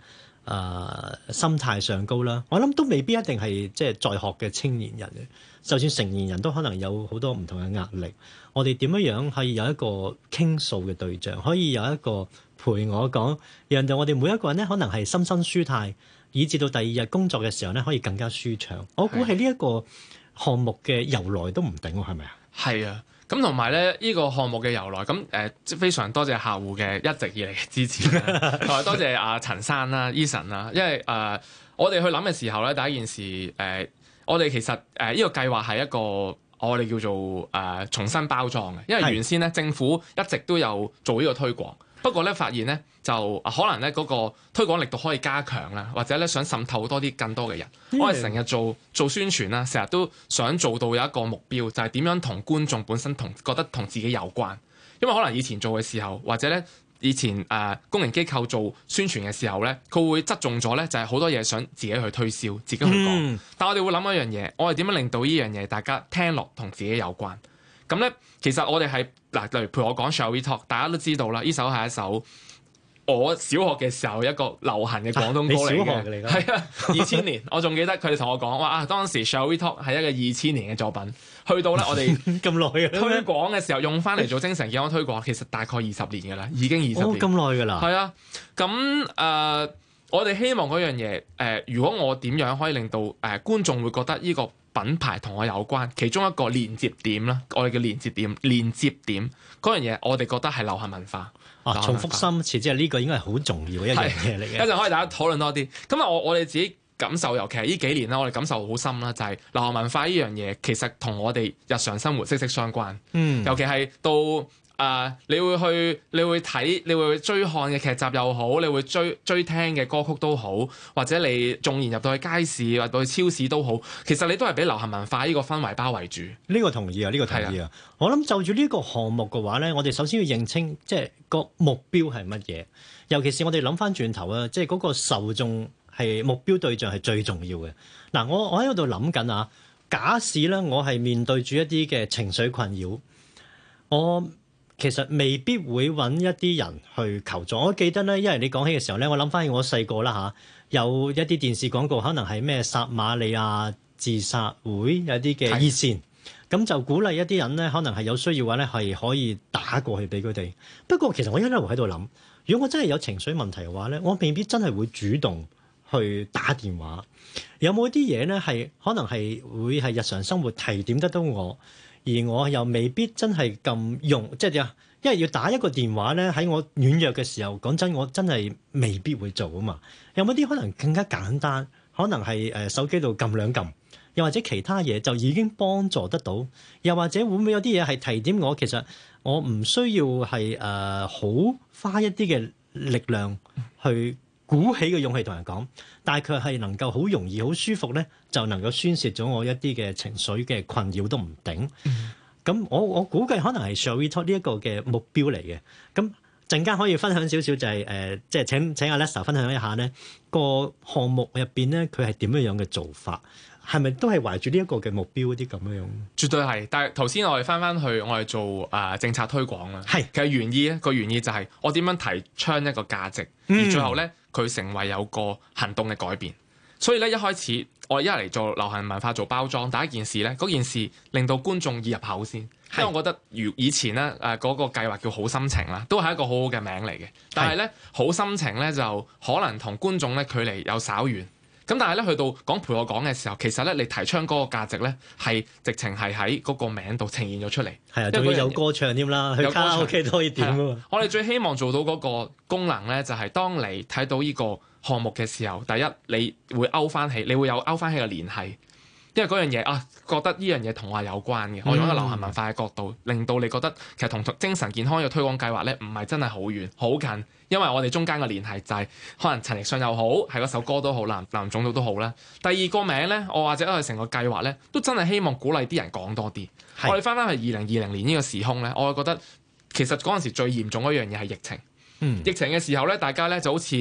誒、uh, 心態上高啦，我諗都未必一定係即係在學嘅青年人，就算成年人都可能有好多唔同嘅壓力。我哋點樣可以有一個傾訴嘅對象，可以有一個陪我講，讓到我哋每一個人咧，可能係心身舒泰，以至到第二日工作嘅時候咧，可以更加舒暢。啊、我估係呢一個項目嘅由來都唔定，係咪啊？係啊。咁同埋咧，呢個項目嘅由來，咁、呃、即非常多謝客戶嘅一直以嚟嘅支持，同埋多謝阿、啊、陳生啦、啊、Eason 啦，因為誒、呃，我哋去諗嘅時候咧，第一件事誒、呃，我哋其實誒依、呃這個計劃係一個我哋叫做誒、呃、重新包裝嘅，因為原先咧的政府一直都有做呢個推廣。不過咧，發現咧就可能咧嗰個推廣力度可以加強啦，或者咧想滲透多啲更多嘅人。嗯、我哋成日做做宣傳啦，成日都想做到有一個目標，就係、是、點樣同觀眾本身同覺得同自己有關。因為可能以前做嘅時候，或者咧以前誒公營機構做宣傳嘅時候咧，佢會側重咗咧，就係好多嘢想自己去推銷，自己去講。嗯、但我哋會諗一樣嘢，我哋點樣令到呢樣嘢大家聽落同自己有關？咁咧，其實我哋係。嗱，例如陪我講《Shall We Talk》，大家都知道啦。呢首係一首我小學嘅時候一個流行嘅廣東歌嚟嘅，嚟係啊， 二千年。我仲記得佢哋同我講話啊，當時《Shall We Talk》係一個二千年嘅作品。去到咧，我哋咁耐嘅推廣嘅時候，用翻嚟做精神健康推廣，其實大概二十年嘅啦，已經二十年咁耐嘅啦。係、哦、 啊，咁、嗯、誒，我哋希望嗰樣嘢誒，如果我點樣可以令到誒、呃、觀眾會覺得呢、這個。品牌同我有關，其中一個連接點啦，我哋嘅連接點，連接點嗰樣嘢，我哋覺得係流行文化。啊、文化重複深，即係呢個應該係好重要嘅一樣嘢嚟嘅。一陣可以大家討論多啲。咁啊，我我哋自己感受，尤其係呢幾年啦，我哋感受好深啦，就係、是、流行文化呢樣嘢，其實同我哋日常生活息息相關。嗯，尤其係到。啊！Uh, 你會去，你會睇，你會追看嘅劇集又好，你會追追聽嘅歌曲都好，或者你縱然入到去街市或者去超市都好，其實你都係畀流行文化呢個氛圍包圍住。呢個同意啊，呢個同意啊。是的我諗就住呢個項目嘅話咧，我哋首先要認清，即係個目標係乜嘢。尤其是我哋諗翻轉頭啊，即係嗰個受眾係目標對象係最重要嘅。嗱，我我喺度諗緊啊，假使咧我係面對住一啲嘅情緒困擾，我。其實未必會揾一啲人去求助。我記得咧，因為你講起嘅時候咧，我諗翻起我細個啦吓，有一啲電視廣告可能係咩撒瑪利亞自殺會有啲嘅熱線，咁看就鼓勵一啲人咧，可能係有需要嘅話咧，係可以打過去俾佢哋。不過其實我一路喺度諗，如果我真係有情緒問題嘅話咧，我未必真係會主動去打電話。有冇啲嘢咧係可能係會係日常生活提點得到我？而我又未必真係咁用，即係點啊？因為要打一個電話咧，喺我軟弱嘅時候，講真，我真係未必會做啊嘛。有冇啲可能更加簡單？可能係誒手機度撳兩撳，又或者其他嘢就已經幫助得到。又或者會唔會有啲嘢係提點我？其實我唔需要係誒好花一啲嘅力量去。鼓起嘅勇氣同人講，但係佢係能夠好容易、好舒服咧，就能夠宣泄咗我一啲嘅情緒嘅困擾都唔頂。咁、嗯、我我估計可能係 shall we talk 呢一個嘅目標嚟嘅。咁陣間可以分享少少就係、是、誒、呃，即係請請阿 Lester 分享一下咧個項目入邊咧，佢係點樣樣嘅做法？係咪都係懷住呢一個嘅目標嗰啲咁樣樣？絕對係。但係頭先我哋返返去，我哋做誒、呃、政策推廣啦。係是其實原意咧，個原意就係我點樣提倡一個價值，而最後咧。嗯佢成為有個行動嘅改變，所以咧，一開始我一嚟做流行文化做包裝，第一件事咧，嗰件事令到觀眾易入口先。是因為我覺得如以前咧誒嗰個計劃叫好心情啦，都係一個好好嘅名嚟嘅，但係咧好心情咧，就可能同觀眾咧距離有稍遠。咁、嗯、但係咧，去到講陪我講嘅時候，其實咧，你提倡嗰個價值咧，係直情係喺嗰個名度呈現咗出嚟。係啊，仲要有歌唱添啦，有卡拉 OK 可以點啊？ 我哋最希望做到嗰個功能咧，就係、是、當你睇到呢個項目嘅時候，第一你會勾翻起，你會有勾翻起嘅聯繫。因為嗰樣嘢啊，覺得呢樣嘢同我有關嘅，嗯、我用一個流行文化嘅角度，嗯、令到你覺得其實同精神健康嘅推廣計劃咧，唔係真係好遠，好近，因為我哋中間嘅聯繫就係、是，可能陳奕迅又好，係嗰首歌都好，男男總統都好啦。第二個名咧，我或者係成個計劃咧，都真係希望鼓勵啲人講多啲。是我哋翻翻去二零二零年呢個時空咧，我又覺得其實嗰陣時最嚴重一樣嘢係疫情。嗯、疫情嘅時候咧，大家咧就好似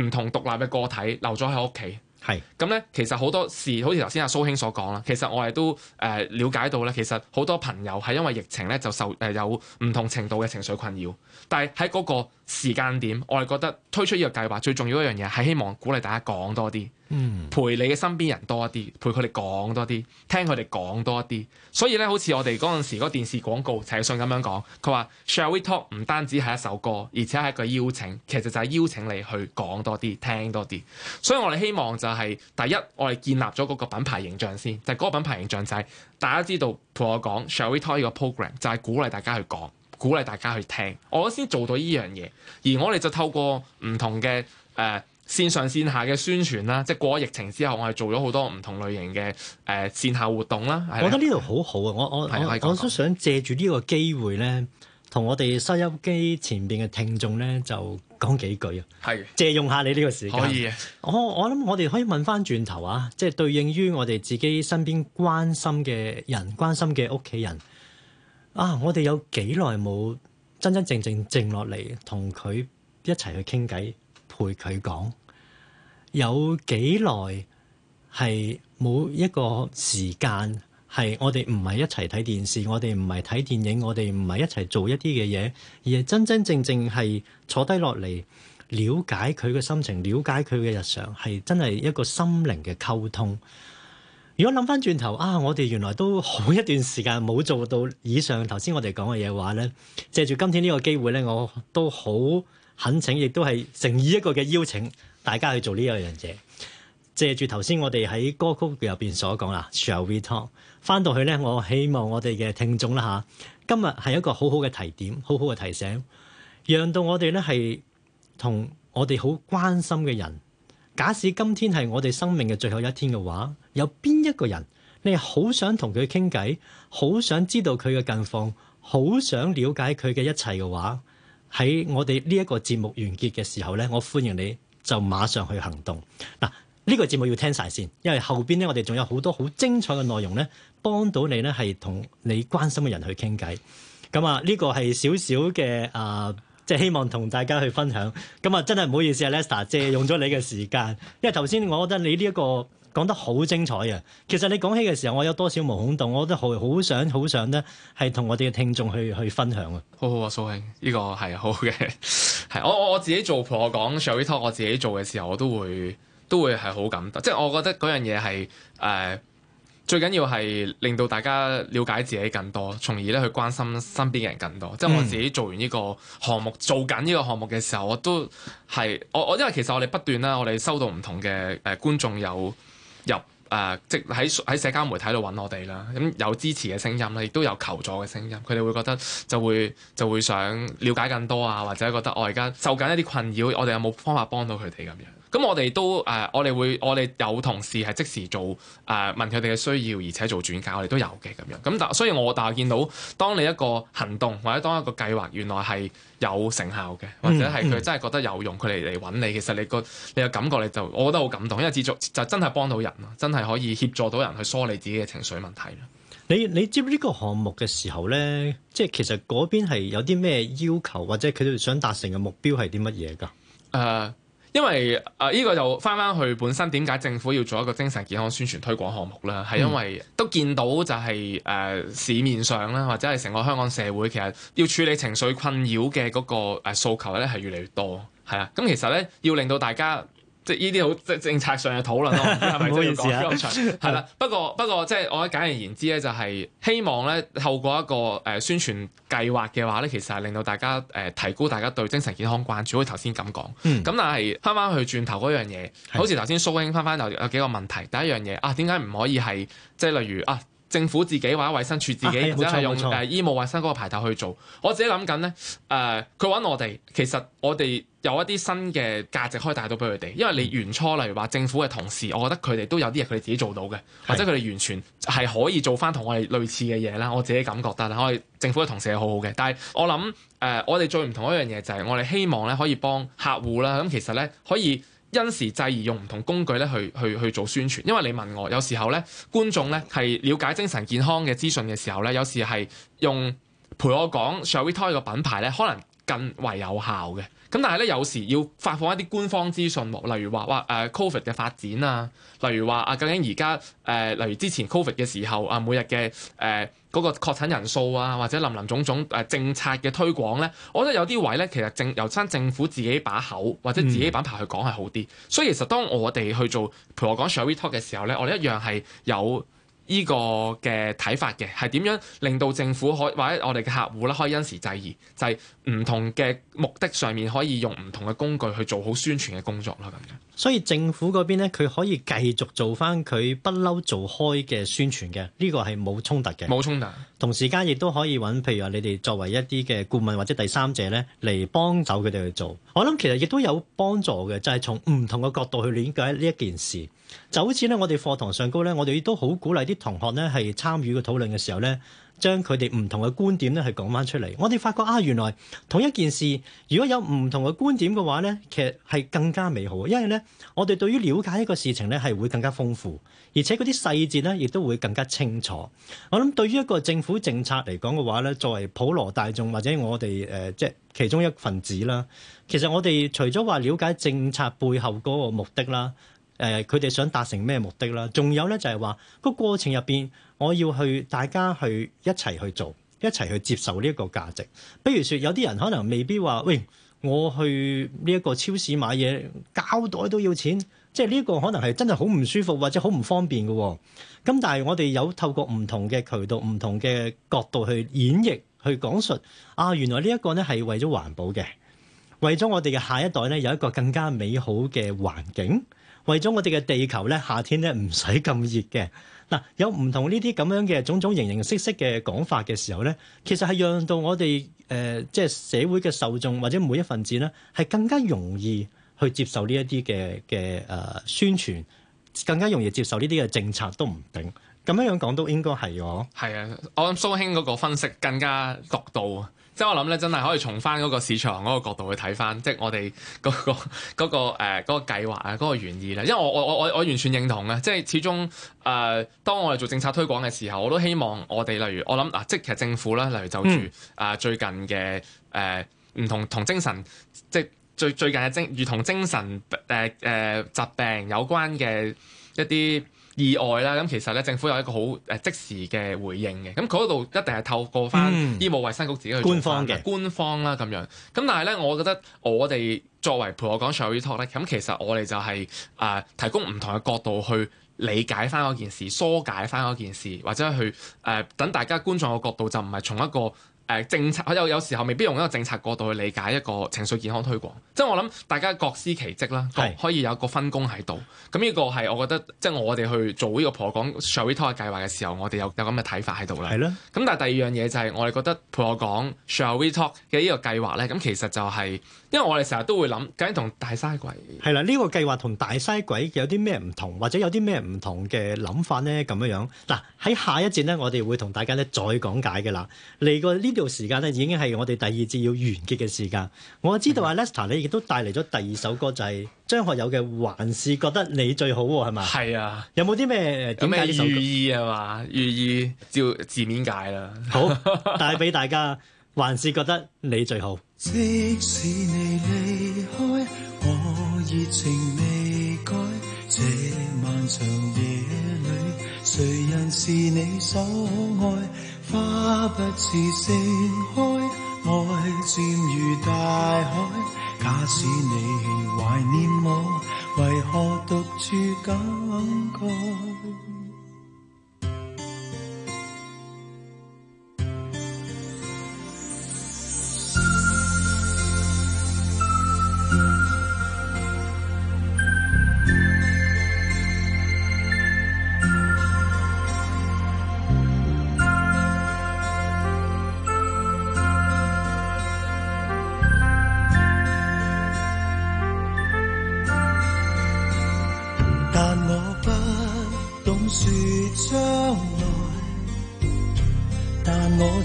唔同獨立嘅個體留咗喺屋企。係，咁咧是其實好多事，好似頭先阿蘇兄所講啦，其實我哋都誒瞭、呃、解到咧，其實好多朋友係因為疫情咧就受誒、呃、有唔同程度嘅情緒困擾，但係喺嗰個。時間點，我哋覺得推出呢個計劃最重要一樣嘢係希望鼓勵大家講多啲，嗯、陪你嘅身邊人多啲，陪佢哋講多啲，聽佢哋講多啲。所以咧，好似我哋嗰陣時嗰個電視廣告陳奕迅咁樣講，佢話《Shall We Talk》唔單止係一首歌，而且係一個邀請，其實就係邀請你去講多啲，聽多啲。所以我哋希望就係、是、第一，我哋建立咗嗰個品牌形象先，就係、是、嗰個品牌形象就係、是、大家知道陪我講《Shall We Talk》呢、這個 program，就係鼓勵大家去講。鼓勵大家去聽，我先做到呢樣嘢，而我哋就透過唔同嘅誒、呃、線上線下嘅宣傳啦，即係過咗疫情之後，我係做咗好多唔同類型嘅誒、呃、線下活動啦。我覺得呢度好好啊！我我、啊、我都想借住呢個機會咧，同我哋收音機前邊嘅聽眾咧，就講幾句啊。係的借用下你呢個時間，可以啊。我我諗我哋可以問返轉頭啊，即、就、係、是、對應於我哋自己身邊關心嘅人、關心嘅屋企人，啊！我哋有幾耐冇真真正正靜落嚟同佢一齊去傾偈陪佢講，有幾耐係冇一個時間係我哋唔係一齊睇電視，我哋唔係睇電影，我哋唔係一齊做一啲嘅嘢，而係真真正正係坐低落嚟了解佢嘅心情，了解佢嘅日常，係真係一個心靈嘅溝通。如果諗翻轉頭啊，我哋原來都好一段時間冇做到以上頭先我哋講嘅嘢嘅話咧，借住今天呢個機會咧，我都好懇請，亦都係誠意一個嘅邀請，大家去做呢一樣嘢。借住頭先我哋喺歌曲入邊所講啦，shall we talk？翻到去咧，我希望我哋嘅聽眾啦，吓，今日係一個好好嘅提點，好好嘅提醒，讓到我哋咧係同我哋好關心嘅人，假使今天係我哋生命嘅最後一天嘅話。有邊一個人你，你好想同佢傾偈，好想知道佢嘅近況，好想了解佢嘅一切嘅話，喺我哋呢一個節目完結嘅時候呢，我歡迎你就馬上去行動。嗱，呢個節目要聽晒先，因為後邊呢，我哋仲有好多好精彩嘅內容呢，幫到你呢係同你關心嘅人去傾偈。咁啊，呢個係少少嘅啊，即係希望同大家去分享。咁啊，真係唔好意思啊，Lester 借用咗你嘅時間，因為頭先我覺得你呢一個。講得好精彩啊！其實你講起嘅時候，我有多少毛孔洞，我都好好想好想呢，係同我哋嘅聽眾去去分享啊！好好啊，蘇雋，呢、這個係好嘅，係 我我自己做陪我講 Shall We Talk，我自己做嘅時候，我都會都會係好感動，即、就、係、是、我覺得嗰樣嘢係誒最緊要係令到大家瞭解自己更多，從而呢去關心身邊嘅人更多。即係、嗯、我自己做完呢個項目，做緊呢個項目嘅時候，我都係我我因為其實我哋不斷啦，我哋收到唔同嘅誒、呃、觀眾有。入誒、呃，即喺喺社交媒體度揾我哋啦，咁有支持嘅聲音啦，亦都有求助嘅聲音。佢哋會覺得就會就會想了解更多啊，或者覺得我而家受緊一啲困擾，我哋有冇方法幫到佢哋咁樣。咁我哋都誒、呃，我哋會我哋有同事係即時做誒、呃、問佢哋嘅需要，而且做轉介我哋都有嘅咁樣。咁但係所以我大概見到，當你一個行動或者當一個計劃原來係有成效嘅，或者係佢真係覺得有用，佢嚟嚟搵你，其實你個你嘅感覺你就我覺得好感動，因為接觸就真係幫到人真係可以協助到人去梳理自己嘅情緒問題啦。你你接呢個項目嘅時候呢，即係其實嗰邊係有啲咩要求，或者佢哋想達成嘅目標係啲乜嘢㗎？誒。Uh, 因為啊，呢、呃這個就翻翻去本身點解政府要做一個精神健康宣傳推廣項目啦，係、嗯、因為都見到就係、是、誒、呃、市面上啦，或者係成個香港社會其實要處理情緒困擾嘅嗰個誒訴、呃、求咧，係越嚟越多，係啊。咁、嗯、其實咧，要令到大家。即係呢啲好即係政策上嘅討論咯，唔 好意思啊，係啦，不過不過即係、就是、我簡而言之咧，就係希望咧透過一個誒宣傳計劃嘅話咧，其實係令到大家誒、呃、提高大家對精神健康關注，好似頭先咁講。咁、嗯、但係返返去轉頭嗰樣嘢，的好似頭先蘇雋返返有有幾個問題，第一樣嘢啊，點解唔可以係即係例如啊？政府自己或者衛生署自己，啊、或者係用誒醫務衞生嗰個牌頭去做。我自己諗緊咧，誒佢揾我哋，其實我哋有一啲新嘅價值可以帶到俾佢哋。因為你原初例如話政府嘅同事，我覺得佢哋都有啲嘢佢哋自己做到嘅，或者佢哋完全係可以做翻同我哋類似嘅嘢啦。我自己感覺得啦，我哋政府嘅同事係好好嘅。但係我諗誒、呃，我哋最唔同一樣嘢就係、是、我哋希望咧可以幫客戶啦。咁其實咧可以。因時制宜用唔同工具咧去去去做宣傳，因為你問我有時候咧，觀眾咧係了解精神健康嘅資訊嘅時候咧，有時係用陪我講 Shall We Talk 呢個品牌咧，可能更為有效嘅。咁但係咧，有時要發放一啲官方資訊，例如話話誒 Covid 嘅發展啊，例如話啊，究竟而家誒，例如之前 Covid 嘅時候啊，每日嘅誒嗰個確診人數啊，或者林林總總誒、呃、政策嘅推廣咧，我覺得有啲位咧，其實政由親政府自己把口或者自己品牌去講係好啲。嗯、所以其實當我哋去做譬如我講 Shall We Talk 嘅時候咧，我哋一樣係有呢個嘅睇法嘅，係點樣令到政府可以或者我哋嘅客戶咧可以因時制宜，就係、是、唔同嘅。目的上面可以用唔同嘅工具去做好宣傳嘅工作咯，咁樣。所以政府嗰邊咧，佢可以繼續做翻佢不嬲做開嘅宣傳嘅，呢個係冇衝突嘅。冇衝突。同時間亦都可以揾，譬如話你哋作為一啲嘅顧問或者第三者咧，嚟幫手佢哋去做。我諗其實亦都有幫助嘅，就係從唔同嘅角度去理解呢一件事。就好似咧，我哋課堂上高咧，我哋亦都好鼓勵啲同學咧，係參與個討論嘅時候咧。將佢哋唔同嘅觀點咧係講翻出嚟，我哋發覺啊，原來同一件事如果有唔同嘅觀點嘅話咧，其實係更加美好，因為咧，我哋對於了解一個事情咧係會更加豐富，而且嗰啲細節咧亦都會更加清楚。我諗對於一個政府政策嚟講嘅話咧，作為普羅大眾或者我哋誒即係其中一份子啦，其實我哋除咗話了解政策背後嗰個目的啦，誒佢哋想達成咩目的啦，仲有咧就係話個過程入邊。我要去，大家去一齊去做，一齊去接受呢一個價值。比如說，有啲人可能未必話，喂，我去呢一個超市買嘢，膠袋都要錢，即係呢個可能係真係好唔舒服或者好唔方便嘅喎。咁但係我哋有透過唔同嘅渠道、唔同嘅角度去演繹、去講述，啊，原來呢一個呢，係為咗環保嘅，為咗我哋嘅下一代呢，有一個更加美好嘅環境，為咗我哋嘅地球呢，夏天呢，唔使咁熱嘅。嗱，有唔同呢啲咁樣嘅種種形形色色嘅講法嘅時候咧，其實係讓到我哋誒、呃，即係社會嘅受眾或者每一份子咧，係更加容易去接受呢一啲嘅嘅誒宣傳，更加容易接受呢啲嘅政策都唔定，咁樣樣講都應該係喎。係啊，我諗蘇兄嗰個分析更加角度。即我諗咧，真係可以從翻嗰個市場嗰個角度去睇翻，即、就是、我哋嗰、那個嗰、 那個誒嗰、呃那個計劃啊，嗰、那個原意啦。因為我我我我完全認同咧，即、就是、始終誒、呃，當我哋做政策推廣嘅時候，我都希望我哋例如我諗嗱、啊，即其實政府咧，例如就住啊、呃、最近嘅誒唔同同精神，即最最近嘅精如同精神誒誒、呃呃、疾病有關嘅一啲。意外啦，咁其實咧，政府有一個好誒即時嘅回應嘅，咁嗰度一定係透過翻醫務衛生局自己去、嗯、官方嘅官方啦咁樣。咁但係咧，我覺得我哋作為陪我講 Shall We Talk 咧，咁其實我哋就係、是、誒、呃、提供唔同嘅角度去理解翻嗰件事、疏解翻嗰件事，或者去誒、呃、等大家觀眾嘅角度就唔係從一個。誒、呃、政策，有有時候未必用一個政策角度去理解一個情緒健康推廣，即、就、係、是、我諗大家各司其職啦，是可以有個分工喺度。咁呢個係我覺得，即、就、係、是、我哋去做呢個陪我講 Shall We Talk 嘅計劃嘅時候，我哋有有咁嘅睇法喺度啦。係咯的。咁但係第二樣嘢就係、是、我哋覺得陪我講 Shall We Talk 嘅呢個計劃咧，咁其實就係、是、因為我哋成日都會諗緊同大嘥鬼係啦。呢、這個計劃同大嘥鬼有啲咩唔同，或者有啲咩唔同嘅諗法咧？咁樣樣嗱，喺下一節咧，我哋會同大家咧再講解嘅啦。嚟個呢？呢度時間咧已經係我哋第二節要完結嘅時間。 我知道啊 Lester 你亦都帶嚟咗第二首歌，就係、是、張學友嘅《還是覺得你最好》係咪？係啊，有冇啲咩？有咩寓意係嘛？寓意照字面解啦。 好，帶俾大家， 還是覺得你最好。即使你離開，我熱情未改。這漫長夜裡誰人是你所愛花不似盛開，愛漸如大海。假使你懷念我，為何獨處感慨？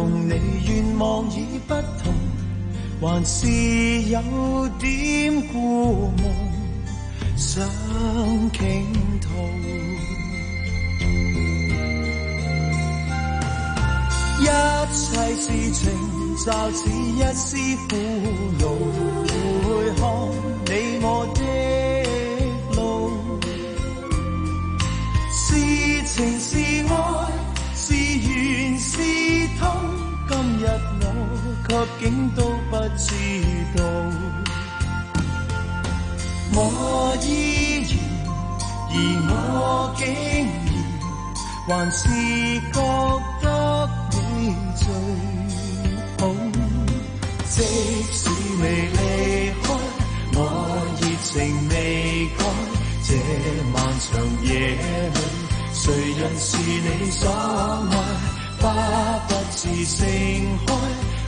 共你願望已不同，還是有點故夢想傾吐。一切事情就似一絲苦惱，回看你我的，卻竟都不知道，我依然，而我竟然，還是覺得你最好。 即使未離開，我熱情未改。這漫長夜裏，誰人是你所愛？花不是盛開。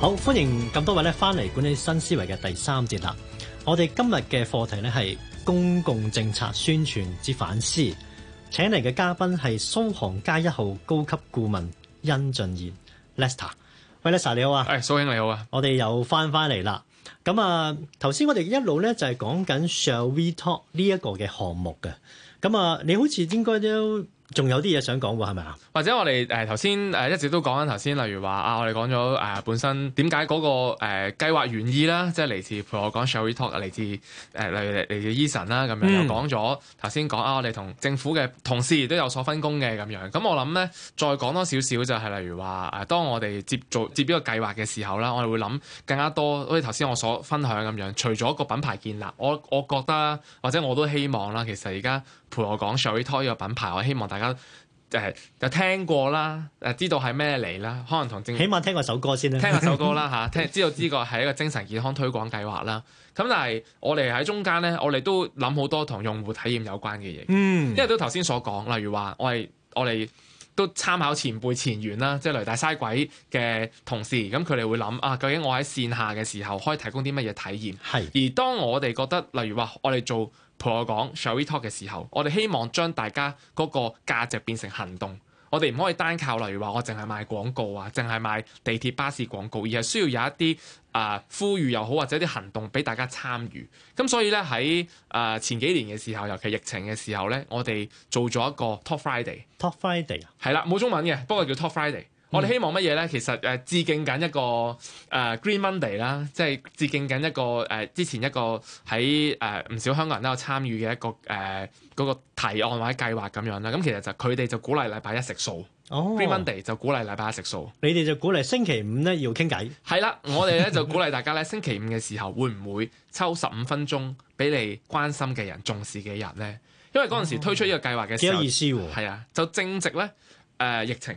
好，歡迎咁多位咧翻嚟管理新思維嘅第三節啦。我哋今日嘅課題咧係公共政策宣傳之反思，請嚟嘅嘉賓係蘇杭街一號高級顧問忻浚賢，Lester。喂，Lester 你好啊，係蘇雋你好啊，我哋又翻翻嚟啦。咁啊，頭先我哋一路咧就係講緊 shall we talk 呢一個嘅項目嘅。咁啊，你好似應該都。仲有啲嘢想講喎，係咪啊？或者我哋誒頭先誒一直都講緊頭先，例如話啊，我哋講咗誒本身點解嗰個誒計劃原意啦，即係嚟自陪我講 Shall We Talk，嚟自誒例如嚟自 Eason 啦，咁樣又講咗頭先講啊，我哋同政府嘅同事亦都有所分工嘅咁樣。咁我諗咧，再講多少少就係例如話誒，當我哋接做接呢個計劃嘅時候啦，我哋會諗更加多，好似頭先我所分享咁樣。除咗一個品牌建立，我我覺得或者我都希望啦，其實而家。陪我講 Shall We Talk 呢個品牌，我希望大家就係有聽過啦，誒知道係咩嚟啦，可能同正，起碼聽過首歌先啦，聽下首歌啦嚇，聽 知道知個係一個精神健康推廣計劃啦。咁但係我哋喺中間呢，我哋都諗好多同用戶體驗有關嘅嘢，嗯，因為都頭先所講，例如話我哋我哋都參考前輩前員啦，即係雷大嘥鬼嘅同事，咁佢哋會諗啊，究竟我喺線下嘅時候可以提供啲乜嘢體驗？係，而當我哋覺得，例如話我哋做。同我講 Shall we talk 嘅時候，我哋希望將大家嗰個價值變成行動。我哋唔可以單靠，例如話我淨係賣廣告啊，淨係賣地鐵巴士廣告，而係需要有一啲啊、呃、呼籲又好或者啲行動俾大家參與。咁所以呢，喺誒、呃、前幾年嘅時候，尤其疫情嘅時候呢，我哋做咗一個 talk Friday, Top Friday。Top Friday 係係啦，冇中文嘅，不過叫 Top Friday。我哋希望乜嘢咧？其實誒致敬緊一個誒 Green Monday 啦，即係致敬緊一個誒之前一個喺誒唔少香港人都有參與嘅一個誒嗰個提案或者計劃咁樣啦。咁其實就佢哋就鼓勵禮拜一食素，Green Monday 就鼓勵禮拜一食素。你哋就鼓勵星期五咧要傾偈。係啦，我哋咧就鼓勵大家咧星期五嘅時候會唔會抽十五分鐘俾你關心嘅人、重視嘅人咧？因為嗰陣時推出呢個計劃嘅時候，幾有意思喎。係啊，就正值咧誒疫情。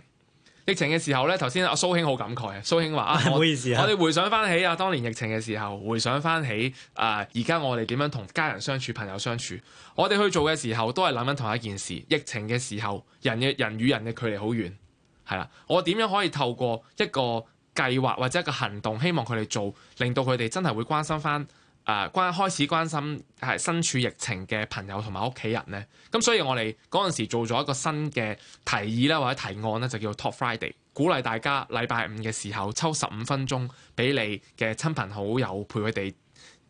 疫情嘅時候呢，頭先阿蘇兄好感慨卿好啊！蘇兄話啊，唔好意思啊，我我哋回想翻起啊，當年疫情嘅時候，回想翻起啊，呃，而家我哋點樣同家人相處、朋友相處，我哋去做嘅時候，都係諗緊同一件事。疫情嘅時候，人嘅人與人嘅距離好遠，係啦，我點樣可以透過一個計劃或者一個行動，希望佢哋做，令到佢哋真係會關心翻。誒，關開始關心係身處疫情嘅朋友同埋屋企人咧，咁所以我哋嗰陣時做咗一個新嘅提議啦，或者提案咧，就叫 Top Friday，鼓勵大家禮拜五嘅時候抽十五分鐘俾你嘅親朋好友陪佢哋，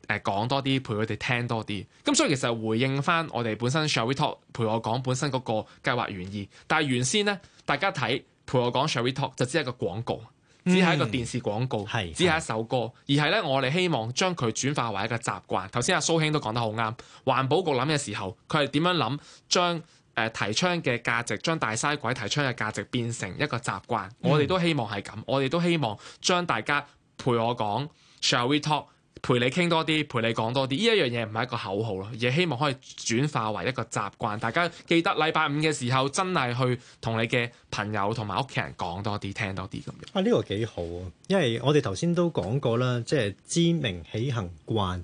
誒講多啲，陪佢哋聽多啲。咁所以其實回應翻我哋本身 Shall We Talk 陪我講本身嗰個計劃原意，但係原先咧大家睇陪我講 Shall We Talk 就只係一個廣告。只係一個電視廣告，嗯、只係一首歌，而係呢我哋希望將佢轉化為一個習慣。頭先阿蘇兄都講得好啱，環保局諗嘅時候，佢係點樣諗？將、呃、誒提倡嘅價值，將大嘥鬼提倡嘅價值變成一個習慣。嗯、我哋都希望係咁，我哋都希望將大家陪我講，shall we talk？陪你傾多啲，陪你講多啲，呢一樣嘢唔係一個口號咯，而係希望可以轉化為一個習慣。大家記得禮拜五嘅時候，真係去同你嘅朋友同埋屋企人講多啲，聽多啲咁樣。啊，呢、這個幾好啊！因為我哋頭先都講過啦，即係知明起行慣，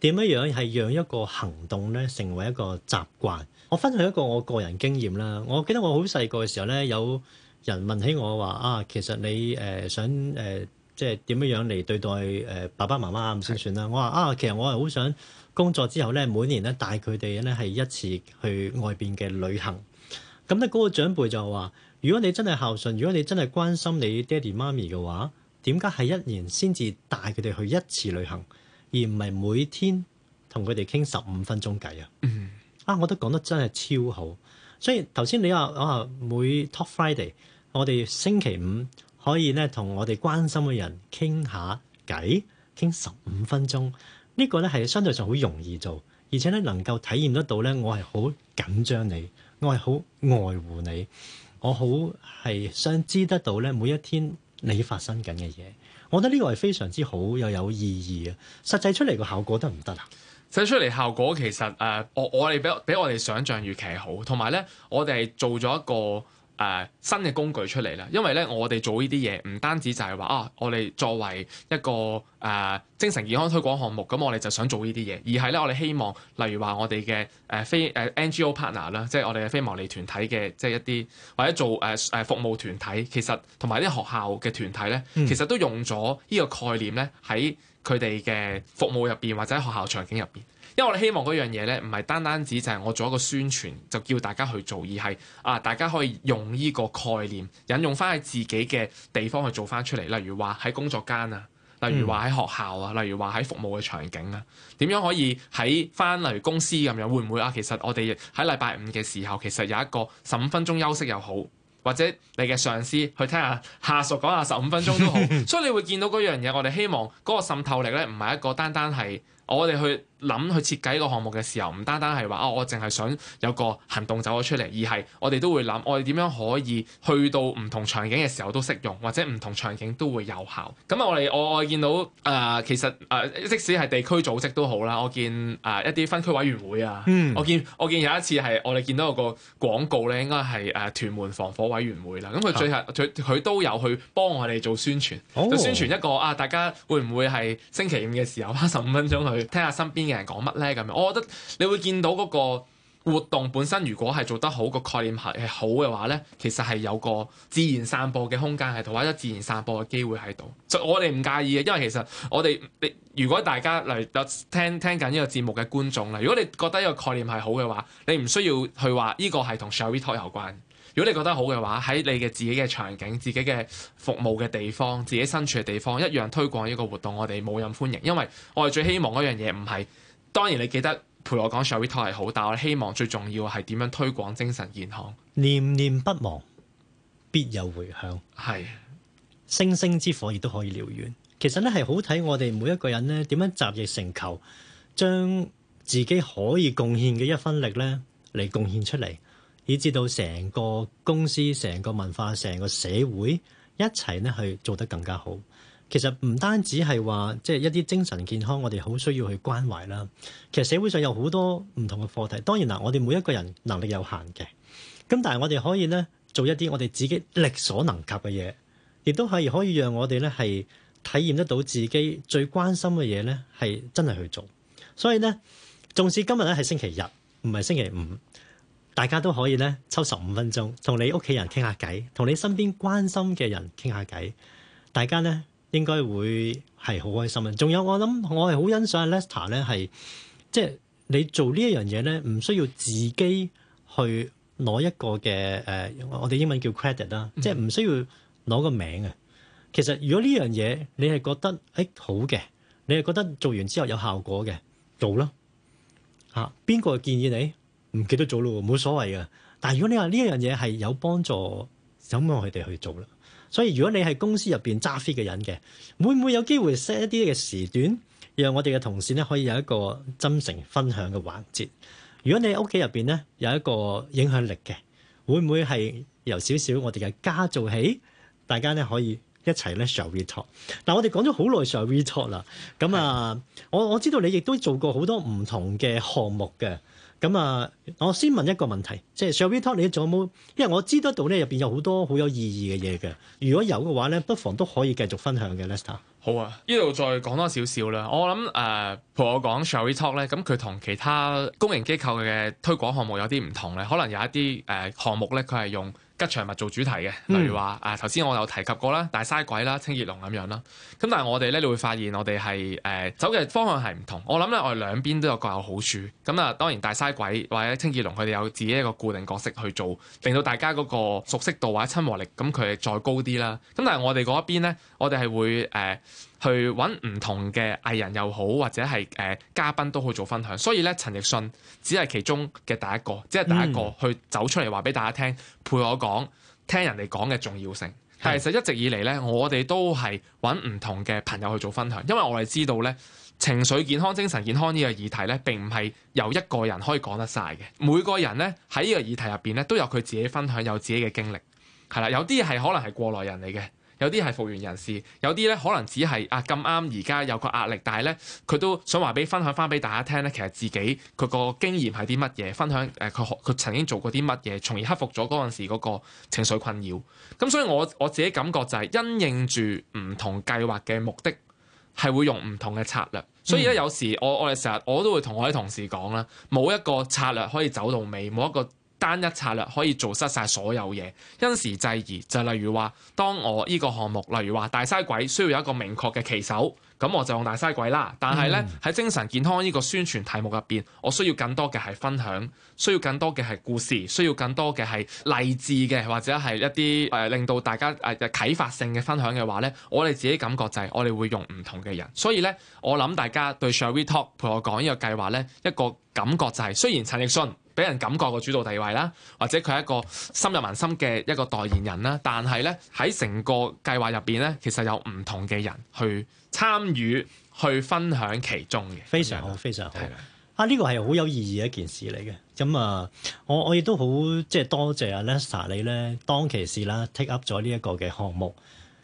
點樣樣係讓一個行動咧成為一個習慣。我分享一個我個人經驗啦，我記得我好細個嘅時候咧，有人問起我話啊，其實你誒、呃、想誒。呃即係點樣樣嚟對待誒爸爸媽媽咁先算啦？我話啊，其實我係好想工作之後咧，每年咧帶佢哋咧係一次去外邊嘅旅行。咁咧嗰個長輩就話：如果你真係孝順，如果你真係關心你爹哋媽咪嘅話，點解係一年先至帶佢哋去一次旅行，而唔係每天同佢哋傾十五分鐘偈啊？Mm hmm. 啊，我都講得真係超好。所以頭先你話啊，每 Top Friday，我哋星期五。可以咧，同我哋關心嘅人傾下偈，傾十五分鐘，這個、呢個咧係相對上好容易做，而且咧能夠體驗得到咧，我係好緊張你，我係好愛護你，我好係想知得到咧，每一天你發生緊嘅嘢，我覺得呢個係非常之好又有意義啊！實際出嚟個效果得唔得啊？實際出嚟效果其實誒、呃，我我哋比比我哋想象預期好，同埋咧，我哋係做咗一個。誒新嘅工具出嚟啦，因為咧我哋做呢啲嘢唔單止就係話啊，我哋作為一個誒、啊、精神健康推廣項目，咁我哋就想做呢啲嘢，而係咧我哋希望，例如話我哋嘅誒非誒、uh, NGO partner 啦，即係我哋嘅非牟利團體嘅，即係一啲或者做誒誒、uh, 服務團體，其實同埋啲學校嘅團體咧，嗯、其實都用咗呢個概念咧喺佢哋嘅服務入邊或者喺學校場景入邊。因為我哋希望嗰樣嘢咧，唔係單單止就係我做一個宣傳，就叫大家去做，而係啊，大家可以用呢個概念，引用翻喺自己嘅地方去做翻出嚟。例如話喺工作間啊，例如話喺學校啊，例如話喺服務嘅場景啊，點樣可以喺翻，例如公司咁樣，會唔會啊？其實我哋喺禮拜五嘅時候，其實有一個十五分鐘休息又好，或者你嘅上司去聽下下屬講下十五分鐘都好。 所以你會見到嗰樣嘢，我哋希望嗰個滲透力咧，唔係一個單單係我哋去。諗去設計呢個項目嘅時候，唔單單係話哦，我淨係想有個行動走咗出嚟，而係我哋都會諗，我哋點樣可以去到唔同場景嘅時候都適用，或者唔同場景都會有效。咁啊，我哋我我見到啊、呃，其實啊、呃，即使係地區組織都好啦，我見啊、呃、一啲分區委員會啊，嗯、我見我見有一次係我哋見到有個廣告咧，應該係誒、呃、屯門防火委員會啦、啊。咁佢最後佢佢都有去幫我哋做宣傳，哦、就宣傳一個啊，大家會唔會係星期五嘅時候花十五分鐘去聽下身邊人講乜咧咁樣，我覺得你會見到嗰個活動本身，如果係做得好，個概念係係好嘅話咧，其實係有個自然散播嘅空間，喺度，或者自然散播嘅機會喺度。所以我哋唔介意嘅，因為其實我哋你如果大家嚟聽聽緊呢個節目嘅觀眾啦，如果你覺得呢個概念係好嘅話，你唔需要去話呢個係同 Shall We Talk 有關。如果你覺得好嘅話，喺你嘅自己嘅場景、自己嘅服務嘅地方、自己身處嘅地方，一樣推廣一個活動，我哋冇咁歡迎。因為我哋最希望嗰樣嘢，唔係當然你記得陪我講 Shall We Talk 係好，但係我希望最重要係點樣推廣精神健康。念念不忘，必有回響。係是星星之火亦都可以燎原。其實咧係好睇我哋每一個人咧點樣集腋成裘，將自己可以貢獻嘅一分力咧嚟貢獻出嚟。以至到成個公司、成個文化、成個社會一齊咧去做得更加好。其實唔單止係話，即係一啲精神健康，我哋好需要去關懷啦。其實社會上有好多唔同嘅課題。當然嗱，我哋每一個人能力有限嘅，咁但係我哋可以咧做一啲我哋自己力所能及嘅嘢，亦都係可以讓我哋咧係體驗得到自己最關心嘅嘢咧係真係去做。所以咧，縱使今日咧係星期日，唔係星期五。大家都可以咧抽十五分鐘，同你屋企人傾下偈，同你身邊關心嘅人傾下偈。大家咧應該會係好開心啊！仲有我諗，我係好欣賞阿 Lester 咧係即係你做呢一樣嘢咧，唔需要自己去攞一個嘅誒，呃，我哋英文叫 credit 啦，mm，即係唔需要攞個名啊。其實如果呢樣嘢你係覺得誒，欸，好嘅，你係覺得做完之後有效果嘅，做啦嚇。邊個，啊，建議你？唔記得咗咯，冇所謂嘅。但係如果你話呢一樣嘢係有幫助，就咁佢哋去做啦。所以如果你係公司入邊揸 fit 嘅人嘅，會唔會有機會 set 一啲嘅時段，讓我哋嘅同事咧可以有一個真誠分享嘅環節？如果你喺屋企入邊咧有一個影響力嘅，會唔會係由少少我哋嘅家做起，大家咧可以一齊咧 shall we talk？嗱，我哋講咗好耐 shall we talk 啦。咁啊，的我我知道你亦都做過好多唔同嘅項目嘅。咁啊，我先問一個問題，即係 Shall We Talk 你仲有冇？因為我知得到咧入邊有好多好有意義嘅嘢嘅，如果有嘅話咧，不妨都可以繼續分享嘅。Lester 好啊，呢度再講多少少啦。我諗誒，陪、呃、我講 Shall We Talk 咧，咁佢同其他公營機構嘅推廣項目有啲唔同咧，可能有一啲誒、呃、項目咧，佢係用吉祥物做主題嘅，例如話，誒頭先我有提及過啦，大嘥鬼啦、清潔龍咁樣啦。咁但係我哋呢，你會發現我哋係誒走嘅方向係唔同。我諗呢，我哋兩邊都有各有好處。咁啊，當然大嘥鬼或者清潔龍，佢哋有自己一個固定角色去做，令到大家嗰個熟悉度或者親和力咁佢哋再高啲啦。咁但係我哋嗰一邊呢，我哋係會誒。呃去揾唔同嘅藝人又好，或者係誒、呃、嘉賓都去做分享。所以咧，陳奕迅只係其中嘅第一個，只係第一個去走出嚟話俾大家聽，嗯、陪我講聽人哋講嘅重要性。但係、嗯、其實一直以嚟咧，我哋都係揾唔同嘅朋友去做分享，因為我哋知道咧，情緒健康、精神健康呢個議題咧，並唔係由一個人可以講得晒嘅。每個人咧，喺呢個議題入邊咧，都有佢自己分享，有自己嘅經歷。係啦，有啲嘢係可能係過來人嚟嘅。有啲係復原人士，有啲咧可能只係啊咁啱而家有個壓力，但係咧佢都想話俾分享返俾大家聽咧，其實自己佢個經驗係啲乜嘢，分享誒佢佢曾經做過啲乜嘢，從而克服咗嗰陣時嗰個情緒困擾。咁所以我，我我自己感覺就係、是、因應住唔同計劃嘅目的，係會用唔同嘅策略。所以咧，嗯、有時我我哋成日我都會同我啲同事講啦，冇一個策略可以走到尾，冇一個。單一策略可以做失晒所有嘢，因時制宜就例如話，當我呢個項目，例如話大西鬼需要有一個明確嘅旗手，咁我就用大西鬼啦。但係呢，喺、嗯、精神健康呢個宣傳題目入邊，我需要更多嘅係分享，需要更多嘅係故事，需要更多嘅係勵志嘅或者係一啲誒、呃、令到大家誒啟、呃、發性嘅分享嘅話呢，我哋自己感覺就係我哋會用唔同嘅人。所以呢，我諗大家對 Shall We Talk 陪我講呢個計劃呢，一個感覺就係、是，雖然陳奕迅。俾人感覺個主導地位啦，或者佢係一個深入民心嘅一個代言人啦。但係咧，喺成個計劃入邊咧，其實有唔同嘅人去參與去分享其中嘅。非常好，樣非常好。的啊，呢個係好有意義嘅一件事嚟嘅。咁、嗯、啊，我我亦都好即係多謝阿 Lesa 你咧，當其事啦，take up 咗呢一個嘅項目。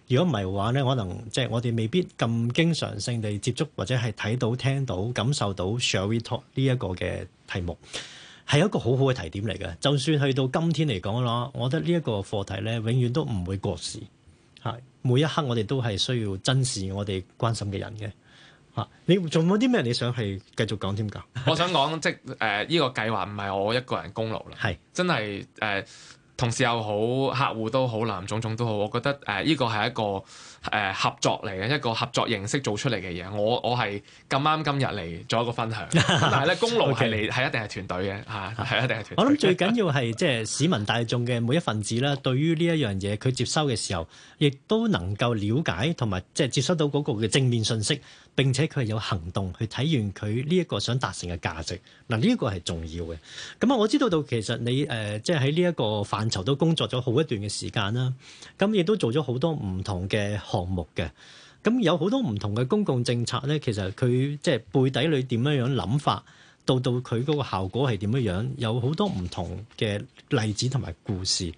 如果唔係嘅話咧，可能即係、就是、我哋未必咁經常性地接觸或者係睇到、聽到、感受到 Shall We Talk 呢一個嘅題目。係一個好好嘅提點嚟嘅，就算去到今天嚟講啦，我覺得呢一個課題咧，永遠都唔會過時。吓，每一刻我哋都係需要珍視我哋關心嘅人嘅。吓，你仲有啲咩你想去繼續講添噶？ 我想講即誒，呢、呃這個計劃唔係我一個人功勞啦，係是真係誒。呃同事又好，客戶都好，林總總都好，我覺得誒呢個係一個誒合作嚟嘅，一個合作形式做出嚟嘅嘢。我我係咁啱今日嚟做一個分享， 但係咧功勞係嚟係一定係團隊嘅嚇，係 一定係。我諗最緊要係即係市民大眾嘅每一份子啦，對於呢一樣嘢佢接收嘅時候，亦都能夠了解同埋即係接收到嗰個嘅正面信息。並且佢係有行動去體驗佢呢一個想達成嘅價值，嗱呢一個係重要嘅。咁、嗯、啊，我知道到其實你誒即係喺呢一個範疇都工作咗好一段嘅時間啦，咁、嗯、亦都做咗好多唔同嘅項目嘅。咁、嗯、有好多唔同嘅公共政策咧，其實佢即係背底裏點樣樣諗法，到到佢嗰個效果係點樣樣，有好多唔同嘅例子同埋故事。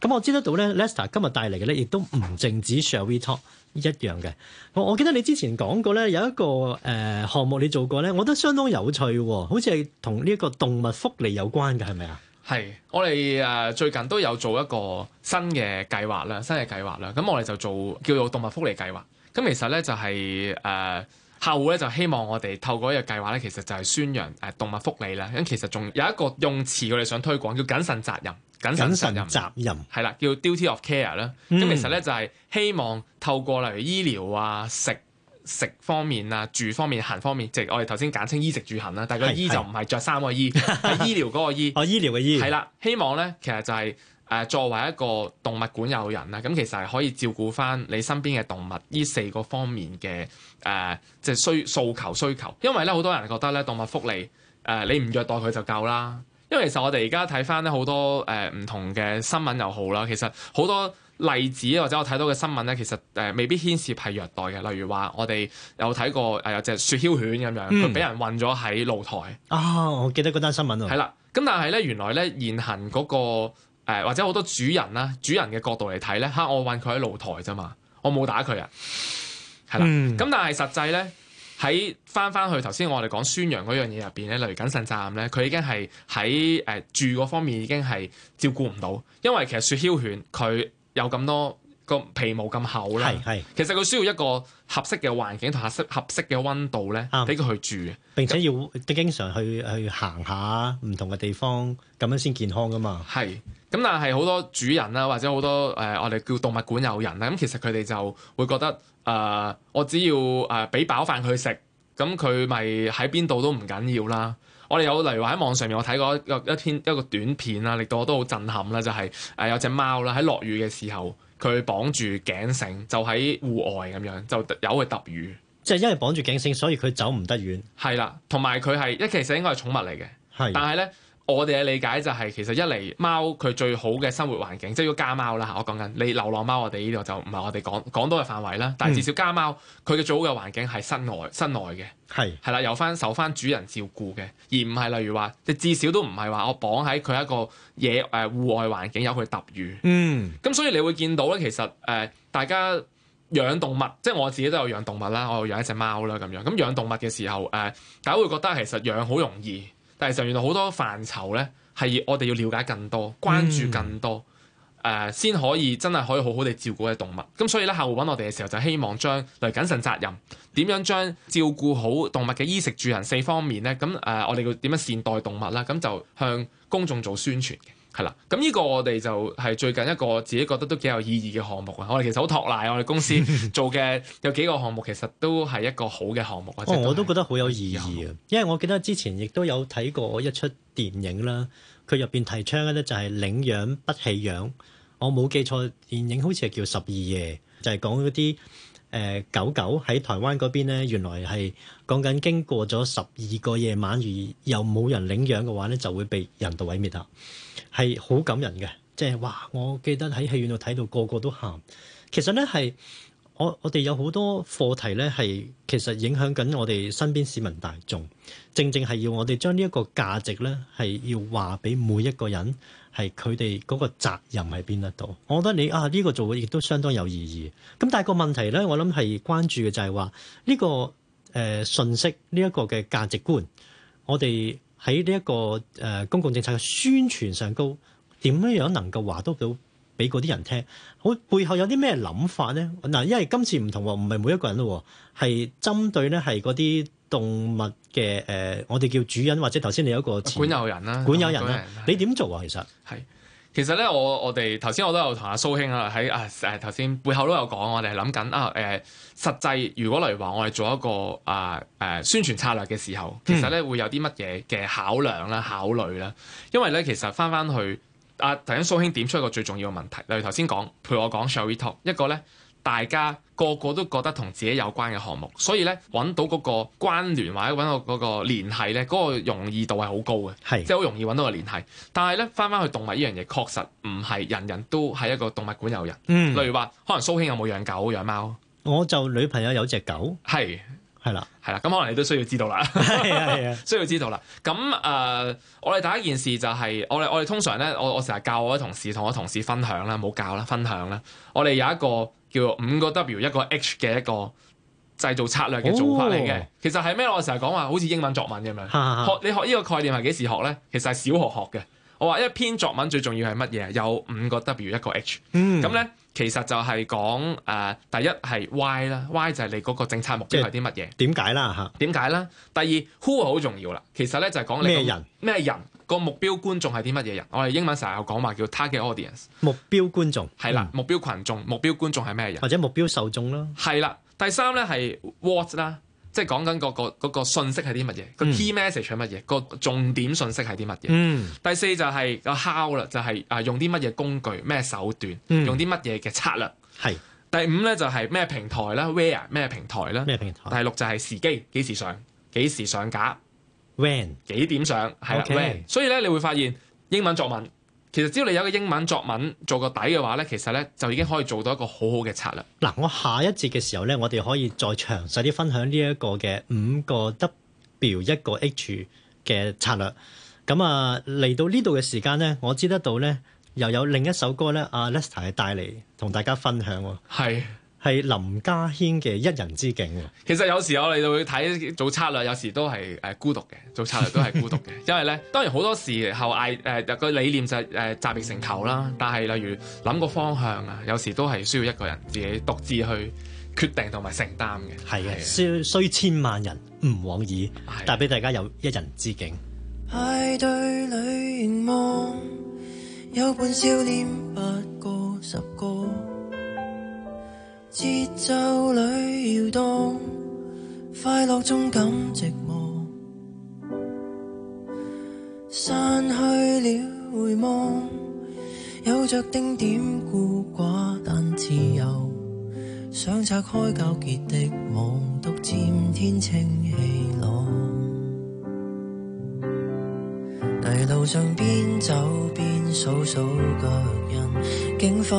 咁、嗯、我知得到咧，Lester 今日帶嚟嘅咧，亦都唔淨止 Shall We Talk。一樣嘅，我我記得你之前講過咧，有一個誒、呃、項目你做過咧，我覺得相當有趣喎，好似係同呢一個動物福利有關嘅，係咪啊？係，我哋誒、呃、最近都有做一個新嘅計劃啦，新嘅計劃啦，咁我哋就做叫做動物福利計劃。咁其實咧就係誒客戶咧就希望我哋透過呢個計劃咧，其實就係宣揚誒動物福利啦。咁其實仲有一個用詞我哋想推廣叫謹慎責任。謹慎責任係啦，叫 Duty of Care 啦、嗯。咁其實咧就係希望透過例如醫療啊、食食方面啊、住方面、行方面，即、就、係、是、我哋頭先簡稱衣食住行啦。但係個衣就唔係着衫個衣，係是醫療嗰個醫。 哦，醫療嘅醫係啦。希望咧，其實就係、是、誒、呃、作為一個動物管有人啦，咁其實係可以照顧翻你身邊嘅動物呢四個方面嘅誒，即係需訴求需求，求。因為咧，好多人覺得咧動物福利誒、呃，你唔虐待佢就夠啦。因為其實我哋而家睇翻咧好多誒唔同嘅新聞又好啦，其實好多例子或者我睇到嘅新聞咧，其實誒、呃、未必牽涉係虐待嘅。例如話我哋有睇過誒有隻、呃、雪橇犬咁樣，佢俾人韞咗喺露台、嗯。哦，我記得嗰單新聞喎、啊。係啦，咁但係咧，原來咧現行嗰、那個誒、呃、或者好多主人啦，主人嘅角度嚟睇咧，吓、呃、我韞佢喺露台啫嘛，我冇打佢啊。係啦，咁、嗯、但係實際咧。喺翻翻去頭先我哋講孫楊嗰樣嘢入邊咧，例如謹慎責任咧，佢已經係喺誒住嗰方面已經係照顧唔到，因為其實雪橇犬佢有咁多個皮毛咁厚咧，係係，其實佢需要一個合適嘅環境同合適合適嘅溫度咧，俾佢、嗯、去住，並且要都經常去去行下唔同嘅地方，咁樣先健康噶嘛。係，咁但係好多主人啦，或者好多誒、呃、我哋叫動物管有人啦，咁其實佢哋就會覺得。誒，uh, 我只要誒俾、uh, 飽飯佢食，咁佢咪喺邊度都唔緊要啦。我哋有例如話喺網上面，我睇過一篇一個短片啦，令到我都好震撼啦，就係、是、誒有隻貓啦，喺落雨嘅時候，佢綁住頸繩，就喺戶外咁樣，就有嘅揼雨，即係因為綁住頸繩，所以佢走唔得遠。係啦，同埋佢係一其實應該係寵物嚟嘅，係的，但係咧。我哋嘅理解就係、是、其實一嚟貓佢最好嘅生活環境，即係要家貓啦。我講緊你流浪貓我我，我哋呢度就唔係我哋講講到嘅範圍啦。但係至少家貓佢嘅最好嘅環境係室內，室內嘅係係啦，由翻受翻主人照顧嘅，而唔係例如話，你至少都唔係話我綁喺佢一個野誒戶外環境有佢揼雨。嗯，咁所以你會見到咧，其實誒、呃、大家養動物，即係我自己都有養動物啦，我有養一隻貓啦咁樣。咁養動物嘅時候誒、呃，大家都會覺得其實養好容易，但係就原來好多範疇咧，係我哋要了解更多、關注更多，誒、嗯，先、呃、可以真係可以好好地照顧隻動物。咁所以咧，客戶揾我哋嘅時候就希望將嚟謹慎責任，點樣將照顧好動物嘅衣食住行四方面咧，咁誒、呃，我哋要點樣善待動物啦？咁就向公眾做宣傳。係啦，咁呢個我哋就係最近一個自己覺得都幾有意義嘅項目啊。我哋其實好托賴我哋公司做嘅有幾個項目，其實都係一個好嘅項目。哦，我都覺得好有意義啊，因為我記得之前亦都有睇過一出電影啦。佢入邊提倡嘅呢就係領養不棄養。我冇記錯，電影好似係叫《十二夜》就是，就係講嗰啲誒狗狗喺台灣嗰邊呢，原來係講緊經過咗十二個夜晚而又冇人領養嘅話呢，就會被人道毀滅啦。係好感人嘅，即係哇！我記得喺戲院度睇到個個都喊。其實咧係我我哋有好多課題咧係其實影響緊我哋身邊市民大眾，正正係要我哋將呢一個價值咧係要話俾每一個人，係佢哋嗰個責任喺邊一度，我覺得你啊呢個做嘅亦都相當有意義。咁但係個問題咧，我諗係關注嘅就係話呢個誒、呃、信息，呢一個嘅價值觀，我哋。喺呢一個誒公共政策嘅宣傳上高，點樣樣能夠話得到俾嗰啲人聽？好，背後有啲咩諗法咧？嗱，因為今次唔同喎，唔係每一個人嘞喎，係針對咧係嗰啲動物嘅誒、呃，我哋叫主人或者頭先你有一個管有人啦、啊，管有人啦、啊，人你點做啊？其實係。其實咧，我我哋頭先我都有同阿蘇兄啊喺啊誒頭先背後都有講，我哋係諗緊啊誒、呃、實際如果例如話我哋做一個啊誒、呃、宣傳策略嘅時候，其實咧會有啲乜嘢嘅考量啦、考慮啦，因為咧其實翻翻去阿頭先蘇兄點出一個最重要嘅問題，例如頭先講陪我講 Shall We Talk 一個咧。大家個個都覺得同自己有關嘅項目，所以咧揾到嗰個關聯或者揾到嗰個聯繫咧，嗰、嗰個容易度係好高嘅，是即係好容易揾到個聯繫。但係咧返返去動物呢樣嘢，確實唔係人人都係一個動物館有人。嗯、例如話，可能蘇兄有冇養狗、養貓？我就女朋友有隻狗。係係啦係啦，咁可能你都需要知道啦， 需要知道啦。咁誒、呃，我哋第一件事就係、是、我哋我哋通常咧，我我成日教我啲同事，同我同事分享啦，冇教啦，分享啦。我哋有一個，叫五個 W 一個 H 嘅一個製造策略嘅做法嚟嘅，哦、其實係咩？我成日講話好似英文作文咁樣，哈哈學你學呢個概念係幾時學呢？其實係小學學嘅。我話一篇作文最重要係乜嘢？有五個 W 一個 H，咁、嗯、呢，其實就係講誒，第一係 Why 啦 Why 就係你嗰個政策目標係啲乜嘢？點解啦吓？點解啦？第二 Who 好重要啦，其實呢，就係講咩人咩人。個目標觀眾係啲乜嘢人？我哋英文成日有講話叫 target audience。目標觀眾係啦，的嗯、目標群眾，目標觀眾係咩人？或者目標受眾咯。係啦，第三咧係 what 啦、那個，即係講緊個、那個嗰個信息係啲乜嘢，個、嗯、key message 係乜嘢，個重點信息係啲乜嘢。嗯。第四就係個 how 啦，就係啊用啲乜嘢工具，咩手段，嗯、用啲乜嘢嘅策略。係是。第五咧就係咩平台啦，where 咩平台啦？咩平台？Where，平台平台，第六就係時機，幾時上，幾時上架。when 幾點上係啦？when 所以咧，你會發現英文作文其實只要你有個英文作文做個底嘅話咧，其實咧就已經可以做到一個好好嘅策略。嗱、嗯啊，我下一節嘅時候咧，我哋可以再詳細啲分享呢一個嘅五個 W、一個 H 嘅策略。咁啊，嚟到呢度嘅時間咧，我知得到咧，又有另一首歌咧，阿、啊、Lester 係帶嚟同大家分享喎。係。係林家謙嘅一人之境。其實有時我哋就會睇做策略，有時都係誒孤獨嘅。做策略都係孤獨嘅，因為咧，當然好多時候嗌誒個理念就係誒集腋成裘啦。但係例如諗個方向啊，有時都係需要一個人自己獨自去決定同埋承擔嘅。係嘅，啊，雖千萬人吾往矣，帶俾是、啊、大家有一人之境。派對裡凝望，有半少年八個，十個。節奏裡搖動，快樂中感寂寞。散去了回望，有着丁點孤寡，但自由。想拆開交結的網，獨佔天清氣朗。泥路上邊走邊數數腳印，景花。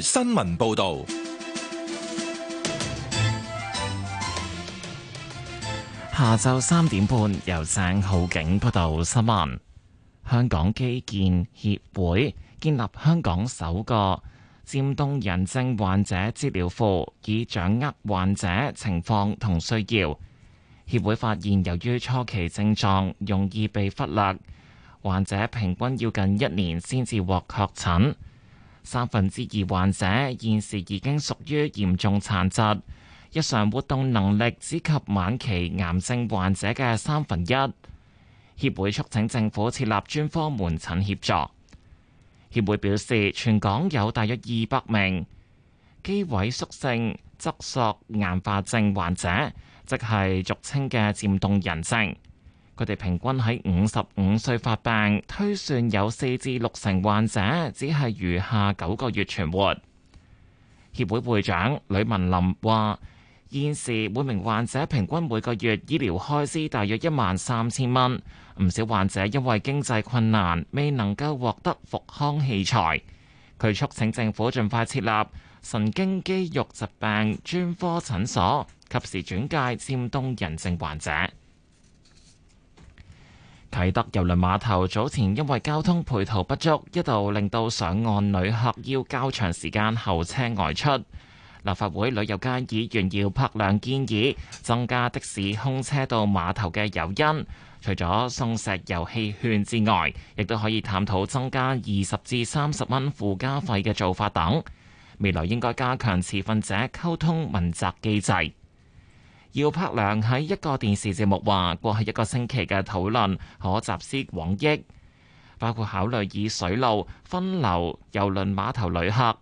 新聞報道。下晝三點半，由鄭浩景報道新聞。香港基建協會建立香港首個漸凍人症患者資料庫，以掌握患者情況同需要。協會發現，由於初期症狀容易被忽略，患者平均要近一年先至獲確診。三分之二患者現時已經屬於嚴重殘疾，日常活動能力只及晚期癌症患者嘅三分一。協會促請政府設立專科門診協助。協會表示，全港有大約二百名肌萎縮性側索硬化症患者，即係俗稱嘅漸凍人症。佢哋平均喺五十五歲發病，推算有四至六成患者只係餘下九個月存活。協會會長呂文林話：現時每名患者平均每個月醫療開支大約一萬三千蚊，唔少患者因為經濟困難，未能夠獲得復康器材。佢促請政府盡快設立神經肌肉疾病專科診所，及時轉介漸凍人症患者。啟德郵輪碼頭早前因為交通配套不足，一度令到上岸旅客要較長時間候車外出。立法會旅遊界議員姚柏良建議增加的士空車到碼頭嘅誘因，除咗送石油氣券之外，亦都可以探討增加二十至三十蚊附加費嘅做法等。未來應該加強持份者溝通問責機制。姚柏良喺一個電視節目話，過去一個星期嘅討論可集思廣益，包括考慮以水路分流郵輪碼頭旅客。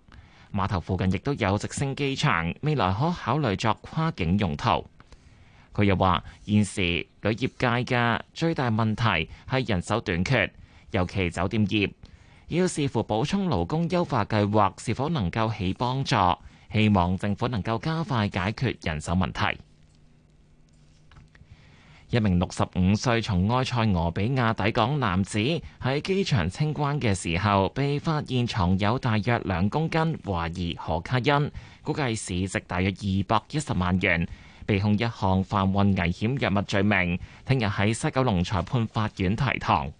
碼頭附近亦都有直升機場，未來可考慮作跨境用途。佢又話，現時旅業界嘅最大問題係人手短缺，尤其酒店業要視乎補充勞工優化計劃是否能夠起幫助。希望政府能夠加快解決人手問題。一名六十五歲從埃塞俄比亞抵港男子喺機場清關嘅時候，被發現藏有大約兩公斤懷疑可卡因，估計市值大約二百一十萬元，被控一項販運危險藥物罪名，聽日喺西九龍裁判法院提堂。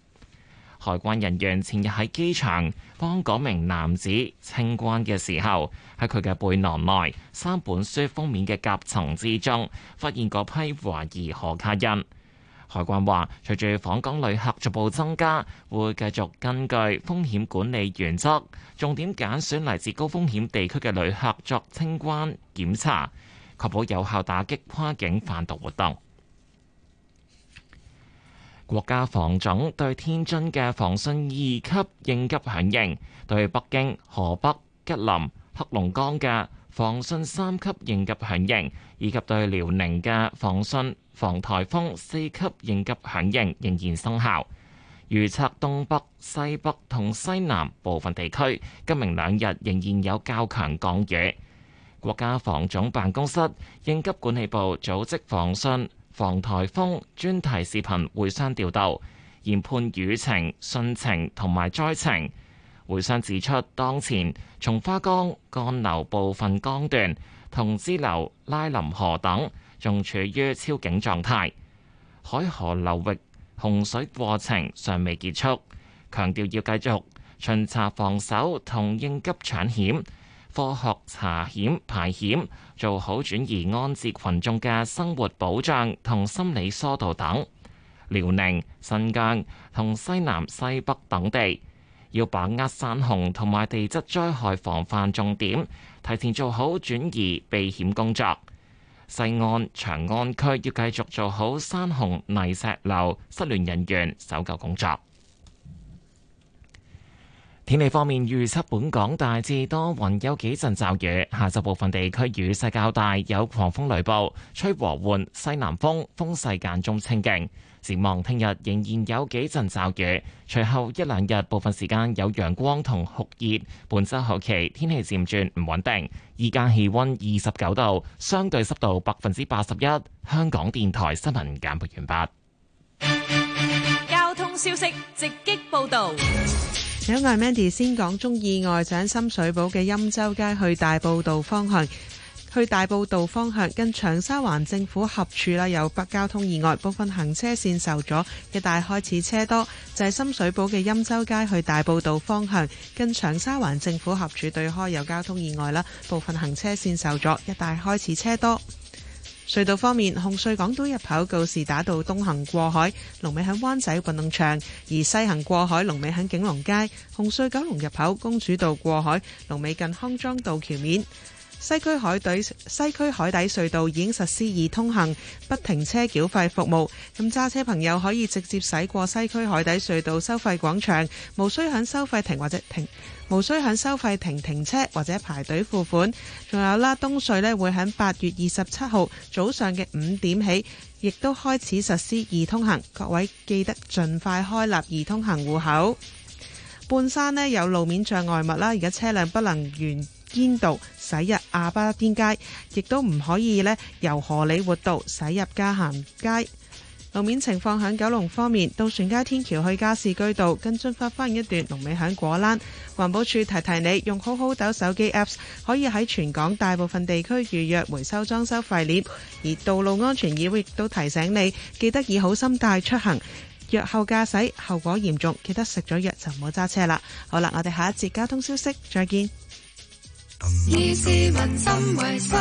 海關人員前日喺機場幫嗰名男子清關嘅時候，喺佢嘅背囊內三本書封面嘅夾層之中，發現嗰批懷疑可卡因。海關話，隨住訪港旅客逐步增加，會繼續根據風險管理原則，重點揀選嚟自高風險地區嘅旅客作清關檢查，確保有效打擊跨境販毒活動。國家防總對天津嘅防汛二級應急響應，對北京、河北、吉林、黑龍江嘅防汛三級應急響應，以及對遼寧嘅防汛、防颱風四級應急響應仍然生效。預測東北、西北同西南部分地區今明兩日仍然有較強降雨。國家防總辦公室、應急管理部組織防汛、防颱風專題視頻會商調度，研判雨情、汛情同埋災情。會商指出，當前松花江幹流部分江段同支流拉林河等，仲處於超警狀態。海河流域洪水過程尚未結束，強調要繼續巡查防守同應急搶險。科學查險排險，做好轉移安置群眾嘅生活保障同心理疏導等。遼寧、新疆同西南西北等地要把握山洪同埋地質災害防範重點，提前做好轉移避險工作。西安長安區要繼續做好山洪、泥石流失聯人員搜救工作。天氣方面預測，本港大致多雲，有幾陣驟雨。下晝部分地區雨勢較大，有狂風雷暴，吹和緩西南風，風勢間中清勁。展望聽日仍然有幾陣驟雨，隨後一兩日部分時間有陽光同酷熱。本周後期天氣漸轉唔穩定。而家氣溫二十九度，相對濕度百分之八十一。香港電台新聞簡報完畢。交通消息直擊報道。有外 Mandy 先，講中意外就喺、是、深水埗嘅欽州街去大埔道方向，去大埔道方向跟長沙灣政府合署啦，有北交通意外，部分行車綫受阻，一帶開始車多。就係、是、深水埗嘅欽州街去大埔道方向跟長沙灣政府合署對開有交通意外啦，部分行車綫受阻，一帶開始車多。隧道方面，紅隧港島入口告士打道東行過海龍尾喺灣仔運動場，而西行過海龍尾喺景隆街。紅隧九龍入口公主道過海龍尾近康莊道橋面。西區海底西區海底隧道已經實施易通行不停車繳費服務，咁揸車朋友可以直接駛過西區海底隧道收費廣場，無需響收費亭或者停。無需喺收費亭停，停車或者排隊付款，仲有啦。東隧咧會喺八月二十七號早上嘅五點起，亦都開始實施易通行。各位記得盡快開立易通行戶口。半山咧有路面障礙物啦，而家車輛不能沿堅道駛入鴨巴甸街，亦都唔可以咧由荷李活道駛入嘉咸街。路面情況，喺九龍方面，渡船街天橋去加士居道跟進發翻一段果欄，龍尾喺果欄。環保署提提提你，用好好鬥手機 apps 可以喺全港大部分地區預約回收裝修廢料。而道路安全議會亦都提醒你，記得以好心態出行，藥後駕駛後果嚴重，記得食咗藥就唔好揸車啦。好啦，我哋下一節交通消息再見。以市民心為心，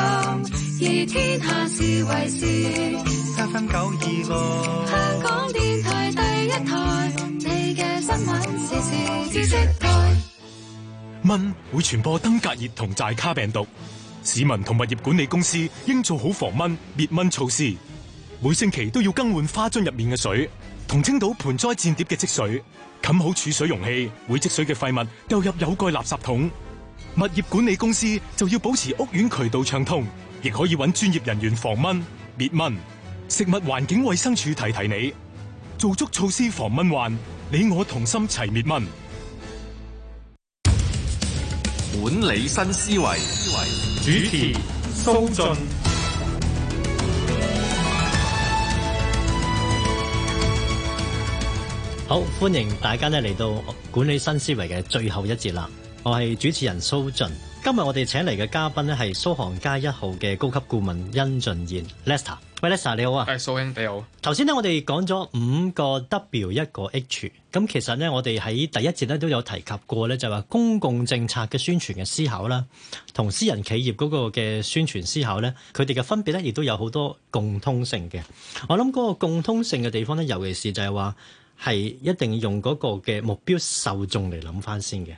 以天下事為事。七分九二六，香港電台第一台，你嘅新聞時事知識台。蚊會傳播登革熱同寨卡病毒，市民同物業管理公司應做好防蚊滅蚊措施。每星期都要更換花樽入面嘅水，同清倒盆栽墊碟嘅積水，冚好儲水容器會積水嘅廢物，丟入有蓋垃圾桶。物業管理公司就要保持屋苑渠道暢通，亦可以揾專業人員防蚊滅蚊。食物環境衛生署提提你，做足措施防蚊患，你我同心齊滅蚊。管理新思維，思維主持蘇雋。好，歡迎大家咧嚟到管理新思維嘅最後一節啦。我係主持人蘇雋，今日我哋請嚟嘅嘉賓咧係蘇杭街一號嘅高級顧問忻浚賢。Lester，喂，Lester 你好啊。誒，蘇英。你好。頭先咧，我哋講咗五個 W 一個 H，咁其實咧，我哋喺第一節咧都有提及過咧，就係話公共政策嘅宣傳嘅思考啦，同私人企業嗰個嘅宣傳思考咧，佢哋嘅分別咧，亦都有好多共通性嘅。我諗嗰個共通性嘅地方咧，尤其是就係話係一定要用嗰個嘅目標受眾嚟諗翻先嘅。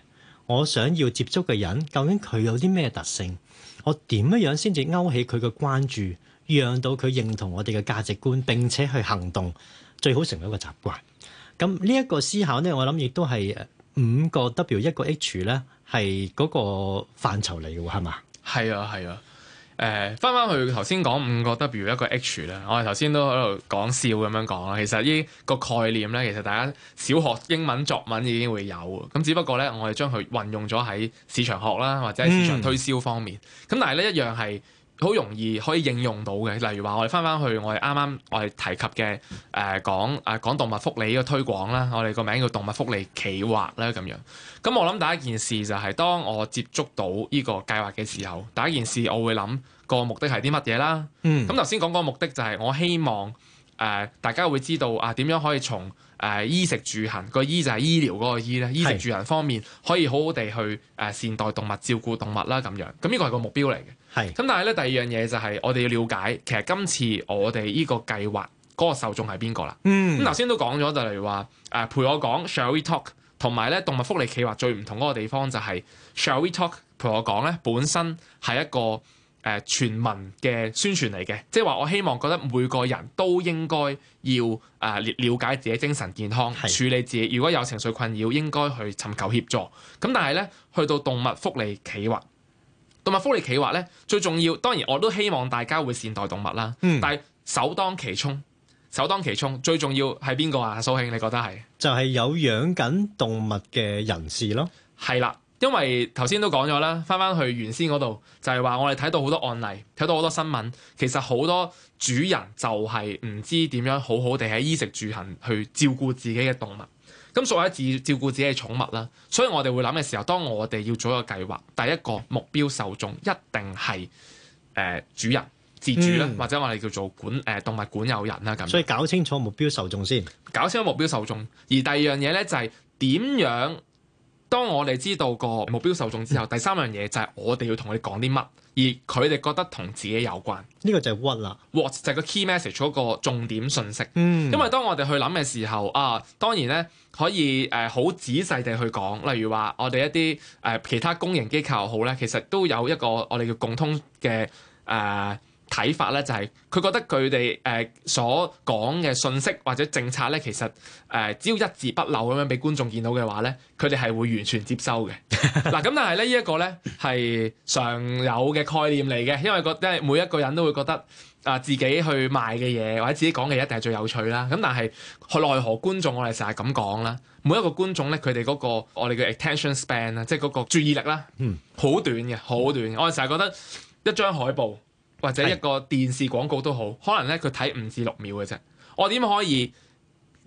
我想要接觸嘅人，究竟佢有啲咩特性？我點樣樣先至勾起佢嘅關注，讓到佢認同我哋嘅價值觀，並且去行動，最好成為一個習慣。咁呢一個思考咧，我諗亦都係五個 W 一個 H 咧，係嗰個範疇嚟嘅喎，係嘛？係啊，係啊。誒，翻翻去頭先講五個 W 一個 H 啦。我哋頭先都喺度講笑咁樣講啦。其實呢個概念咧，其實大家小學英文作文已經會有嘅。咁只不過咧，我哋將佢運用咗喺市場學啦，或者喺市場推銷方面。咁、嗯、但係咧一樣係。好容易可以應用到嘅，例如話，我哋翻翻去我哋啱啱我哋提及嘅誒、呃、講誒講動物福利嘅推廣啦。我哋個名叫動物福利企劃啦，咁樣。咁我諗第一件事就係當我接觸到呢個計劃嘅時候，第一件事我會諗個目的係啲乜嘢啦。嗯，咁頭先講個目的就係我希望誒、呃、大家會知道啊點、呃、樣可以從誒衣、呃、食住行、個衣就係醫療嗰個衣咧，衣食住行方面可以好好地去誒、呃、善待動物、照顧動物啦。咁樣咁呢個係個目標嚟嘅。係，咁是但係咧，第二樣嘢就係我哋要了解，其實今次我哋呢個計劃嗰個受眾係邊個啦？嗯，咁頭先都講咗，就例如話誒陪我講 Shall We Talk，同埋咧動物福利企劃最唔同嗰個地方就係 Shall We Talk 陪我講咧本身係一個誒、呃、全民嘅宣傳嚟嘅，即係話我希望覺得每個人都應該要誒、呃、了解自己精神健康，是處理自己，如果有情緒困擾應該去尋求協助。咁但係咧去到動物福利企劃。動物福利企劃咧，最重要當然我都希望大家會善待動物啦。嗯，但係首當其衝，首當其衝最重要係邊個啊？蘇雋，你覺得係？就係有養緊動物嘅人士咯。係啦，因為頭先都講咗啦，返返去原先嗰度就係話，我哋睇到好多案例，睇到好多新聞，其實好多主人就係唔知點樣好好地喺衣食住行去照顧自己嘅動物。咁所謂照顧自己嘅寵物啦，所以我哋會諗嘅時候，當我哋要做一個計劃，第一個目標受眾一定係誒、呃、主人、自主，啦、嗯，或者我哋叫做管誒、呃、動物管有人啦咁。所以搞清楚目標受眾先，搞清楚目標受眾，而第二樣嘢咧就係、是、點樣。當我哋知道個目標受眾之後，第三樣嘢就係我哋要同佢哋講啲乜，而佢哋覺得同自己有關，呢個就係 What 啦。What 就係個 key message 嗰個重點信息。嗯，因為當我哋去諗嘅時候啊，當然咧可以誒好、呃、仔細地去講，例如話我哋一啲誒、呃、其他公營機構好咧，其實都有一個我哋叫共通嘅誒。呃睇法咧就係、是、佢覺得佢哋誒所講嘅信息或者政策咧，其實誒、呃、只要一字不漏咁樣俾觀眾見到嘅話咧，佢哋係會完全接收嘅。嗱咁、 啊，但係咧依一個呢一個咧係常有嘅概念嚟嘅，因為覺得每一個人都會覺得啊、呃、自己去賣嘅嘢或者自己講嘅嘢一定係最有趣啦。咁、啊、但係奈何觀眾我哋成日咁講啦，每一個觀眾咧佢哋嗰個我哋嘅 attention span 啊，即係嗰個注意力啦，嗯，好短嘅，好短。我哋成日覺得一張海報，或者一個電視廣告都好，可能咧佢睇五至六秒嘅啫。我點可以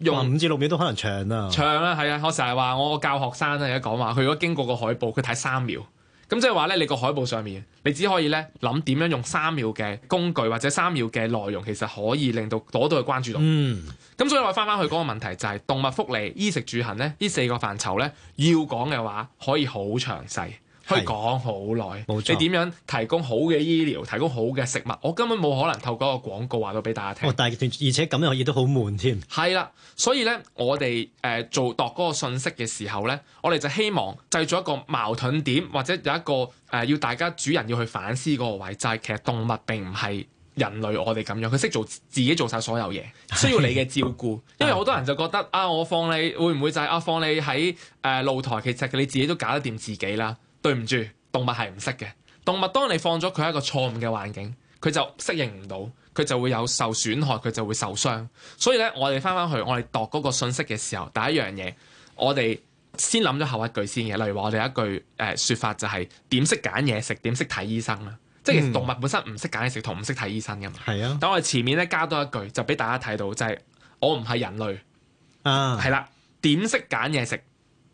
用五至六秒都可能長啦？長啦，係啊！啊我成日話我教學生咧，而家講話佢如果經過個海報，佢睇三秒。咁即係話咧，你個海報上面，你只可以咧諗點樣用三秒嘅工具或者三秒嘅內容，其實可以令到攞到佢關注度。嗯，咁所以我翻翻去嗰個問題就係動物福利、衣食住行咧，呢四個範疇咧，要講嘅話可以好詳細。可以講好耐，冇錯，你點樣提供好嘅醫療、提供好嘅食物？我根本冇可能透過一個廣告話到俾大家聽、哦。但係而且咁樣嘢都好悶添。係啦，所以呢，我哋誒做度嗰個信息嘅時候呢，我哋就希望製造一個矛盾點，或者有一個誒、呃、要大家主人要去反思嗰個位，就係、是、其實動物並唔係人類我哋咁樣，佢識做自己做晒所有嘢，需要你嘅照顧。 因為好多人就覺得啊，我放你會唔會就係、是、啊放你喺誒、呃、露台，其實你自己都搞得掂自己啦。對唔住，動物係唔識嘅。動物當你放咗佢喺一個錯誤嘅環境，佢就適應唔到，佢就會有受損害，佢就會受傷。所以咧，我哋翻翻去，我哋度嗰個信息嘅時候，第一樣嘢，我哋先諗咗後一句先嘅。例如話我哋有一句誒、呃、說法就係、是，點識揀嘢食，點識睇醫生啦。即係其實動物本身唔識揀嘢食，同唔識睇醫生噶嘛。係啊、嗯。等我哋前面咧加多一句，就俾大家睇到就係、是，我唔係人類啊，係啦。點識揀嘢食，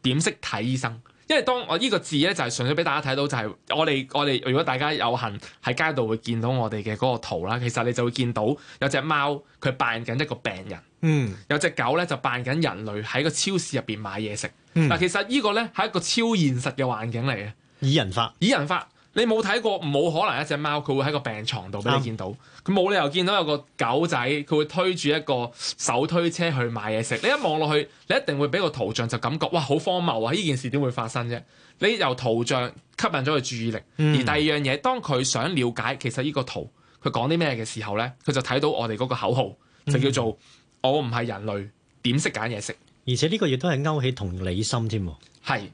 點識睇醫生。因為當我呢個字咧，就係、是、純粹俾大家睇到就，就係我哋我哋如果大家有幸喺街度會見到我哋嘅嗰個圖啦，其實你就會見到有隻貓佢扮緊一個病人，嗯，有隻狗咧，就扮緊人類喺個超市入邊買嘢食，嗱、嗯，其實呢個咧，係一個超現實嘅環境嚟嘅，擬人法。擬人法。你冇睇過，冇可能一隻貓佢會喺個病床度俾你見到。佢冇、嗯、理由見到有個狗仔佢會推住一個手推車去買嘢食。你一望落去，你一定會俾個圖像就感覺，哇！好荒謬啊！呢件事點會發生啫？你由圖像吸引咗佢注意力，嗯、而第二樣嘢，當佢想了解其實呢個圖佢講啲咩嘅時候咧，佢就睇到我哋嗰個口號，就叫做、嗯、我唔係人類點識揀嘢食，而且呢個亦都係勾起同理心添。係。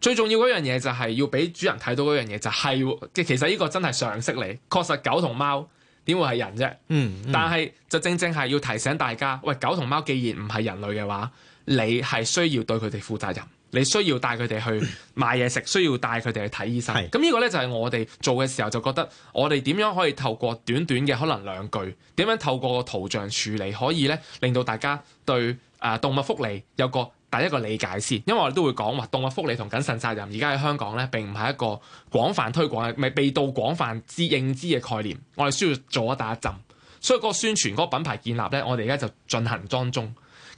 最重要嗰樣嘢就係要俾主人睇到嗰樣嘢就係，即係其實呢個真係常識嚟。確實狗同貓點會係人啫？嗯嗯、但係就正正係要提醒大家，喂，狗同貓既然唔係人類嘅話，你係需要對佢哋負責任，你需要帶佢哋去買嘢食，需要帶佢哋去睇醫生。咁呢是個呢，就係、是、我哋做嘅時候就覺得，我哋點樣可以透過短短嘅可能兩句，點樣透過圖像處理可以呢令到大家對誒、呃、動物福利有個。第一個理解先，因為我哋都會講話動物福利同謹慎責任，而家喺香港咧並唔係一個廣泛推廣嘅，未被到廣泛知認知嘅概念。我哋需要做一打陣，所以嗰個宣傳、嗰個品牌建立咧，我哋而家就進行當中。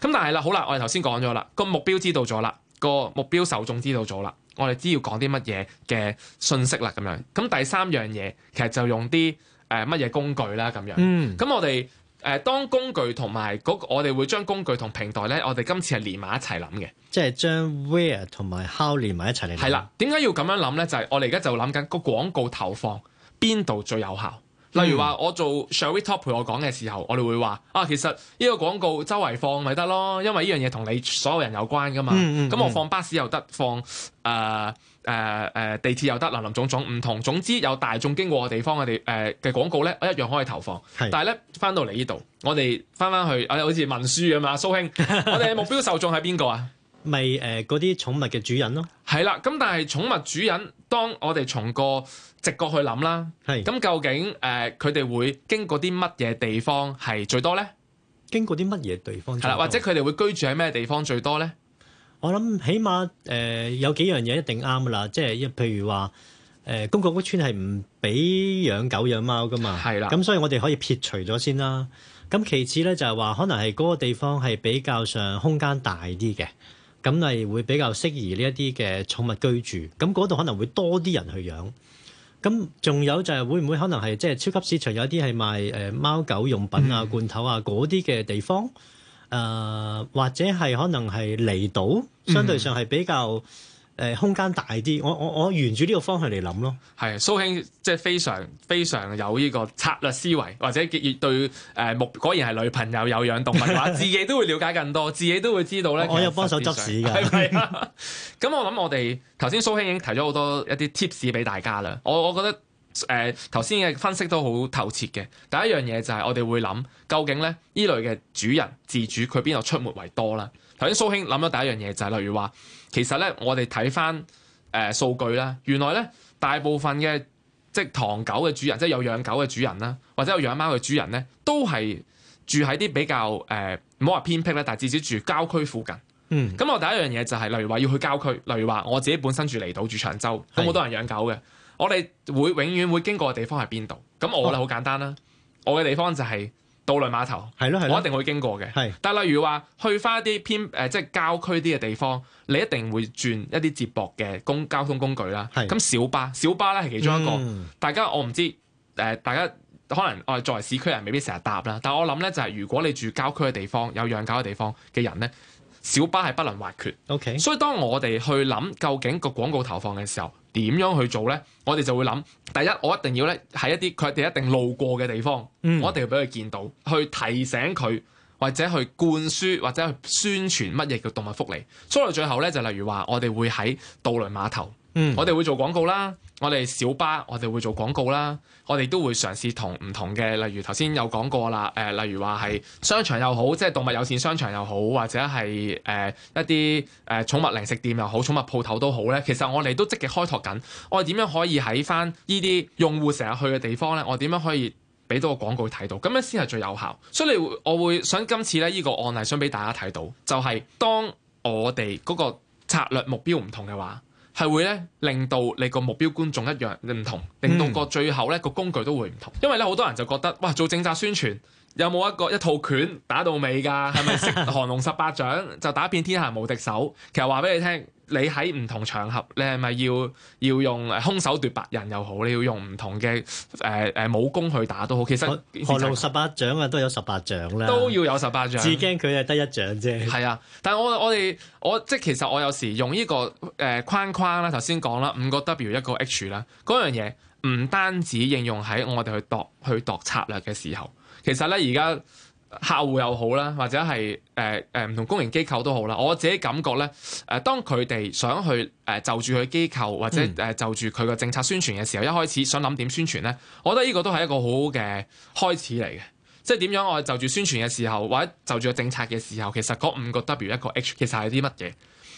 咁但係啦，好啦，我哋頭先講咗啦，個目標知道咗啦，個目標受眾知道咗啦，我哋知要講啲乜嘢嘅信息啦，咁樣。咁第三樣嘢，其實就用啲誒乜嘢工具啦，咁樣。嗯。咁我哋。誒，當工具同埋嗰，我哋會將工具同平台咧，我哋今次係連埋一齊諗嘅，即係將 where 同埋 how 連埋一齊嚟。係啦，點解要咁樣諗咧？就係、是、我哋而家就諗緊個廣告投放邊度最有效。例如話，我做 Shall We Talk 陪我講嘅時候，我哋會話啊，其實呢個廣告周圍放咪得咯，因為呢樣嘢同你所有人有關噶嘛。咁、嗯嗯嗯、我放巴士又得放，放、呃、誒。誒誒、呃，地鐵又得，林林總總唔同，總之有大眾經過嘅地方嘅地誒嘅廣告咧，我一樣可以投放。是但係咧翻到嚟呢度，我哋翻翻去啊、呃，好似文書咁嘛，蘇兄，我哋嘅目標受眾係邊個啊？咪誒、嗯，嗰啲寵物嘅主人咯。係啦，咁但係寵物主人，當我哋從個直覺去諗啦，係是，咁究竟誒佢哋會經過啲乜嘢地方係最多咧？經過啲乜嘢地方最多？係啦，或者佢哋會居住喺咩地方最多咧？我諗起碼誒、呃、有幾樣嘢一定啱噶啦，即係一譬如話誒、呃、公共屋邨係唔俾養狗養貓噶嘛，係啦的。咁所以我哋可以撇除咗先啦。咁其次咧就係話可能係嗰個地方係比較上空間大啲嘅，咁係會比較適宜呢一啲嘅寵物居住。咁嗰度可能會多啲人去養。咁仲有就係會唔會可能係即係超級市場有啲係賣誒貓狗用品啊罐頭啊嗰啲嘅地方？嗯誒、呃、或者係可能係離島，相對上係比較誒、呃、空間大啲。我我我沿住呢個方向嚟諗咯。係蘇兄，即係非常非常有呢個策略思維，或者對誒木、呃、果然係女朋友有養動物嘅話， 自己都會了解更多，自己都會知道咧。我，實實我有幫手執屎㗎。係咪啊，咁 我諗我哋頭先蘇兄已經提咗好多一啲 tips 俾大家啦。我我覺得。誒頭先嘅分析都好透徹嘅，第一樣嘢就係我哋會諗，究竟咧呢類嘅主人自主佢邊度出沒為多啦？頭先蘇兄諗咗第一樣嘢就係、是、例如話，其實咧我哋睇翻誒數據啦，原來咧大部分嘅即係唐狗嘅主人，即係有養狗嘅主人啦，或者有養貓嘅主人咧，都係住喺啲比較誒唔好話偏僻啦，但係至少住郊區附近。嗯，咁我第一樣嘢就係、是、例如話要去郊區，例如話我自己本身住離島住長洲，咁好多人養狗嘅。我哋會永遠會經過嘅地方係邊度？咁我覺得好簡單啦，哦、我嘅地方就係渡輪碼頭，係咯係我一定會經過嘅。係的，但係例如話去返一啲偏誒、呃、即係郊區啲嘅地方，你一定會轉一啲接駁嘅公交通工具啦。係的，咁小巴小巴咧係其中一個。嗯、大家我唔知誒、呃，大家可能我哋作為市區人未必成日搭啦。但我諗咧就係、是、如果你住郊區嘅地方，有養狗嘅地方嘅人咧。小巴係不能或缺，Okay. 所以當我哋去諗究竟個廣告投放嘅時候點樣去做呢？我哋就會諗第一，我一定要咧喺一啲佢哋一定路過嘅地方，嗯、我一定要俾佢見到，去提醒佢或者去灌輸或者去宣傳乜嘢叫動物福利。所以最後呢，就例如話，我哋會喺渡輪碼頭，嗯、我哋會做廣告啦。我哋小巴，我哋會做廣告啦。我哋都會嘗試同唔同嘅，例如頭先有講過啦。誒、呃，例如話係商場又好，即係動物友善商場又好，或者係誒、呃、一啲誒、呃、寵物零食店又好，寵物鋪頭都好咧。其實我哋都積極開拓緊。我點樣可以喺返呢啲用戶成日去嘅地方咧？我點樣可以俾到個廣告睇到？咁樣先係最有效。所以你我會想今次咧呢個案例，想俾大家睇到，就係、是、當我哋嗰個策略目標唔同嘅話，係會咧，令到你個目標觀眾一樣你唔同，令到個最後咧個工具都會唔同。因為咧，好多人就覺得，哇，做政策宣傳有冇一個一套拳打到尾㗎？係咪食降龍十八掌就打遍天下無敵手？其實話俾你聽。你喺唔同場合，你係咪要要用空手奪白刃又好，你要用唔同嘅誒誒武功去打都好。其實降龍十八掌啊，都有十八掌啦，都要有十八掌。至驚佢係得一掌啫。係啊，但係我我哋我即係其實我有時用呢個誒框框啦，頭先講啦，五個 W 一個 H 啦，嗰樣嘢唔單止應用喺我哋去度去度策略嘅時候，其實咧而家。客戶又好啦，或者係誒誒唔同公營機構都好啦。我自己感覺咧，誒、呃、當佢哋想去誒、呃、就住佢機構或者誒、呃、就住佢個政策宣傳嘅時候，一開始想諗點宣傳咧，我覺得呢個都係一個好好嘅開始嚟嘅。即係點樣我哋就住宣傳嘅時候，或者就住個政策嘅時候，其實嗰五個 W 一個 H 其實係啲乜嘢？